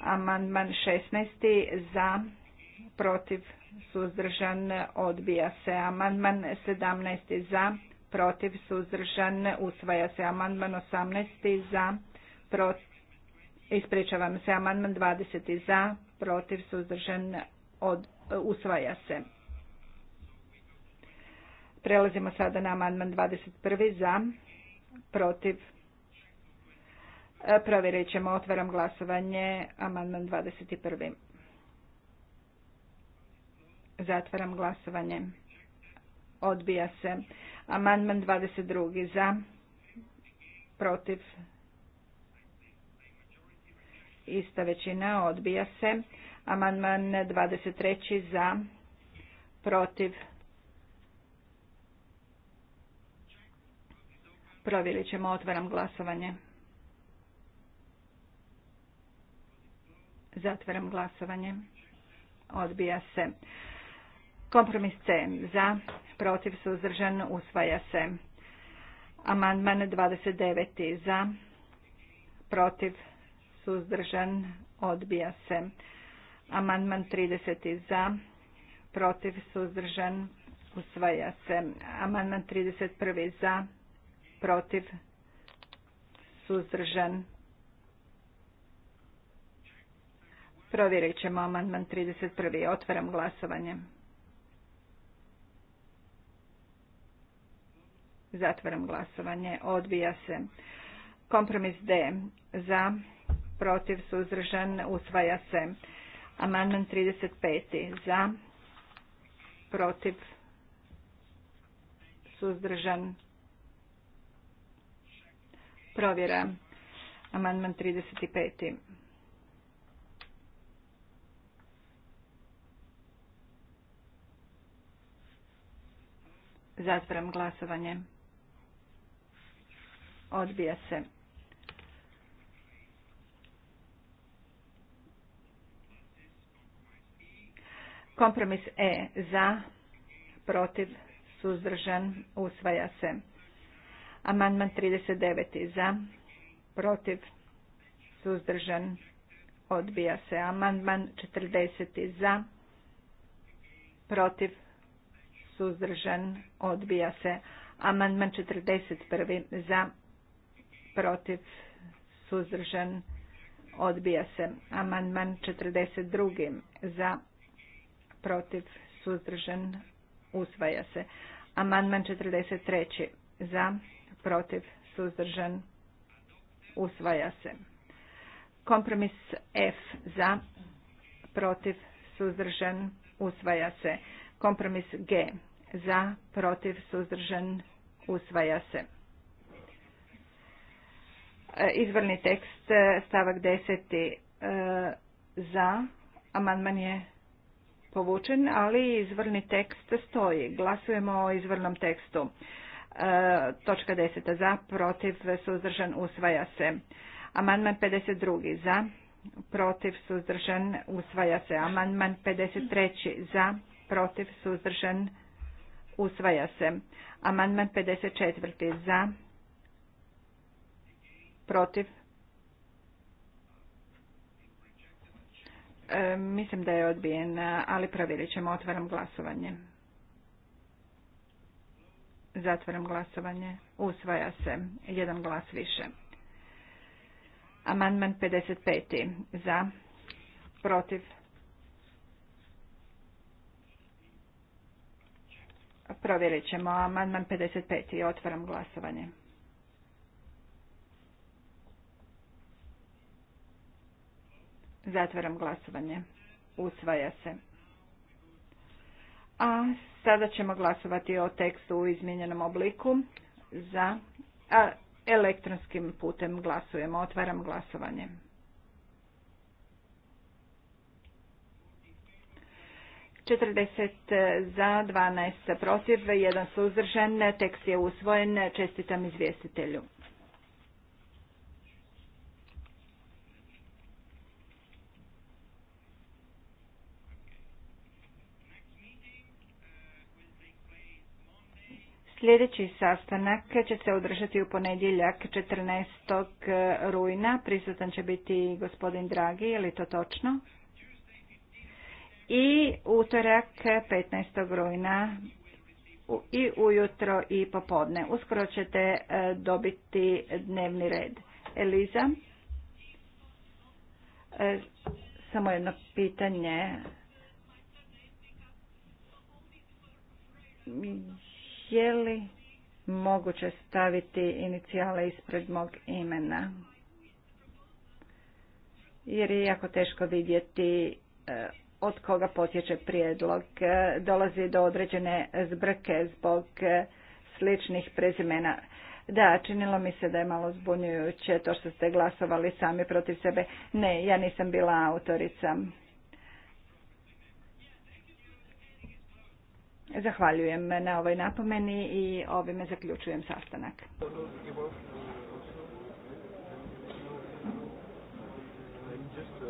Amandman 16. za, protiv, suzdržan, odbija se. Amandman 17. za, protiv, suzdržan, usvaja se. Amandman 18. za, ispričavam se, amandman 20. za, protiv, suzdržan, usvaja se. Prelazimo sada na amandman 21. za, protiv, e, provjerit ćemo, otvaram glasovanje, amandman 21. Zatvaram glasovanje. Odbija se. Amandman 22. Za. Protiv. Ista većina. Odbija se. Amandman 23. Za. Protiv. Provjerit ćemo. Otvaram glasovanje. Zatvaram glasovanje. Odbija se. Kompromis C. Za, protiv, suzdržan, usvaja se. Amandman 29. Za, protiv, suzdržan, odbija se. Amandman 30. Za, protiv, suzdržan, usvaja se. Amandman 31. Za, protiv, suzdržan, Provjerit ćemo amandman 31. Otvaram glasovanje. Zatvaram glasovanje. Odbija se. Kompromis D. Za. Protiv. Suzdržan. Usvaja se. Amandman 35. Za. Protiv. Suzdržan. Provjera. Amandman 35. Zatvaram glasovanje. Odbija se. Kompromis E za, protiv, suzdržan, usvaja se. Amandman 39. za, protiv, suzdržan, odbija se. Amandman 40. za, protiv, suzdržan, odbija se. Amandman 41. za, protiv, suzdržan, odbija se. Amandman 42. za, protiv, suzdržan, usvaja se. Amandman 43. za, protiv, suzdržan, usvaja se. Kompromis F za, protiv, suzdržan, usvaja se. Kompromis G za, protiv, suzdržan, usvaja se. E, izvrni tekst e, stavak 10. E, za. Amandman je povučen, ali izvrni tekst stoji. Glasujemo o izvrnom tekstu. Točka 10. za, protiv, suzdržan, usvaja se. Amandman 52. za, protiv, suzdržan, usvaja se. Amandman 53. za, protiv, suzdržan, usvaja se. Amandman 54. za, protiv e, mislim da je odbijen ali provjerit ćemo otvaram glasovanje zatvaram glasovanje usvaja se jedan glas više amandman 55 za protiv Provjerit ćemo amandman 55. Otvaram glasovanje. Zatvaram glasovanje. Usvaja se. A sada ćemo glasovati o tekstu u izmijenjenom obliku za a, elektronskim putem glasujemo. Otvaram glasovanje. Četrdeset za, 12 protiv, jedan suzdržan. Tekst je usvojen. Čestitam izvjestitelju. Sljedeći sastanak će se održati u ponedjeljak 14. E, rujna. Prisutan će biti gospodin Dragi, je li to točno? I utorak 15. rujna i ujutro i popodne. Uskoro ćete e, dobiti dnevni red. Eliza, e, samo jedno pitanje je li moguće staviti inicijale ispred mog imena? Jer je jako teško vidjeti e, od koga potječe prijedlog. E, dolazi do određene zbrke zbog e, sličnih prezimena. Da, činilo mi se da je malo zbunjujuće to što ste glasovali sami protiv sebe. Ne, ja nisam bila autorica. Zahvaljujem na ovoj napomeni i ovime zaključujem sastanak.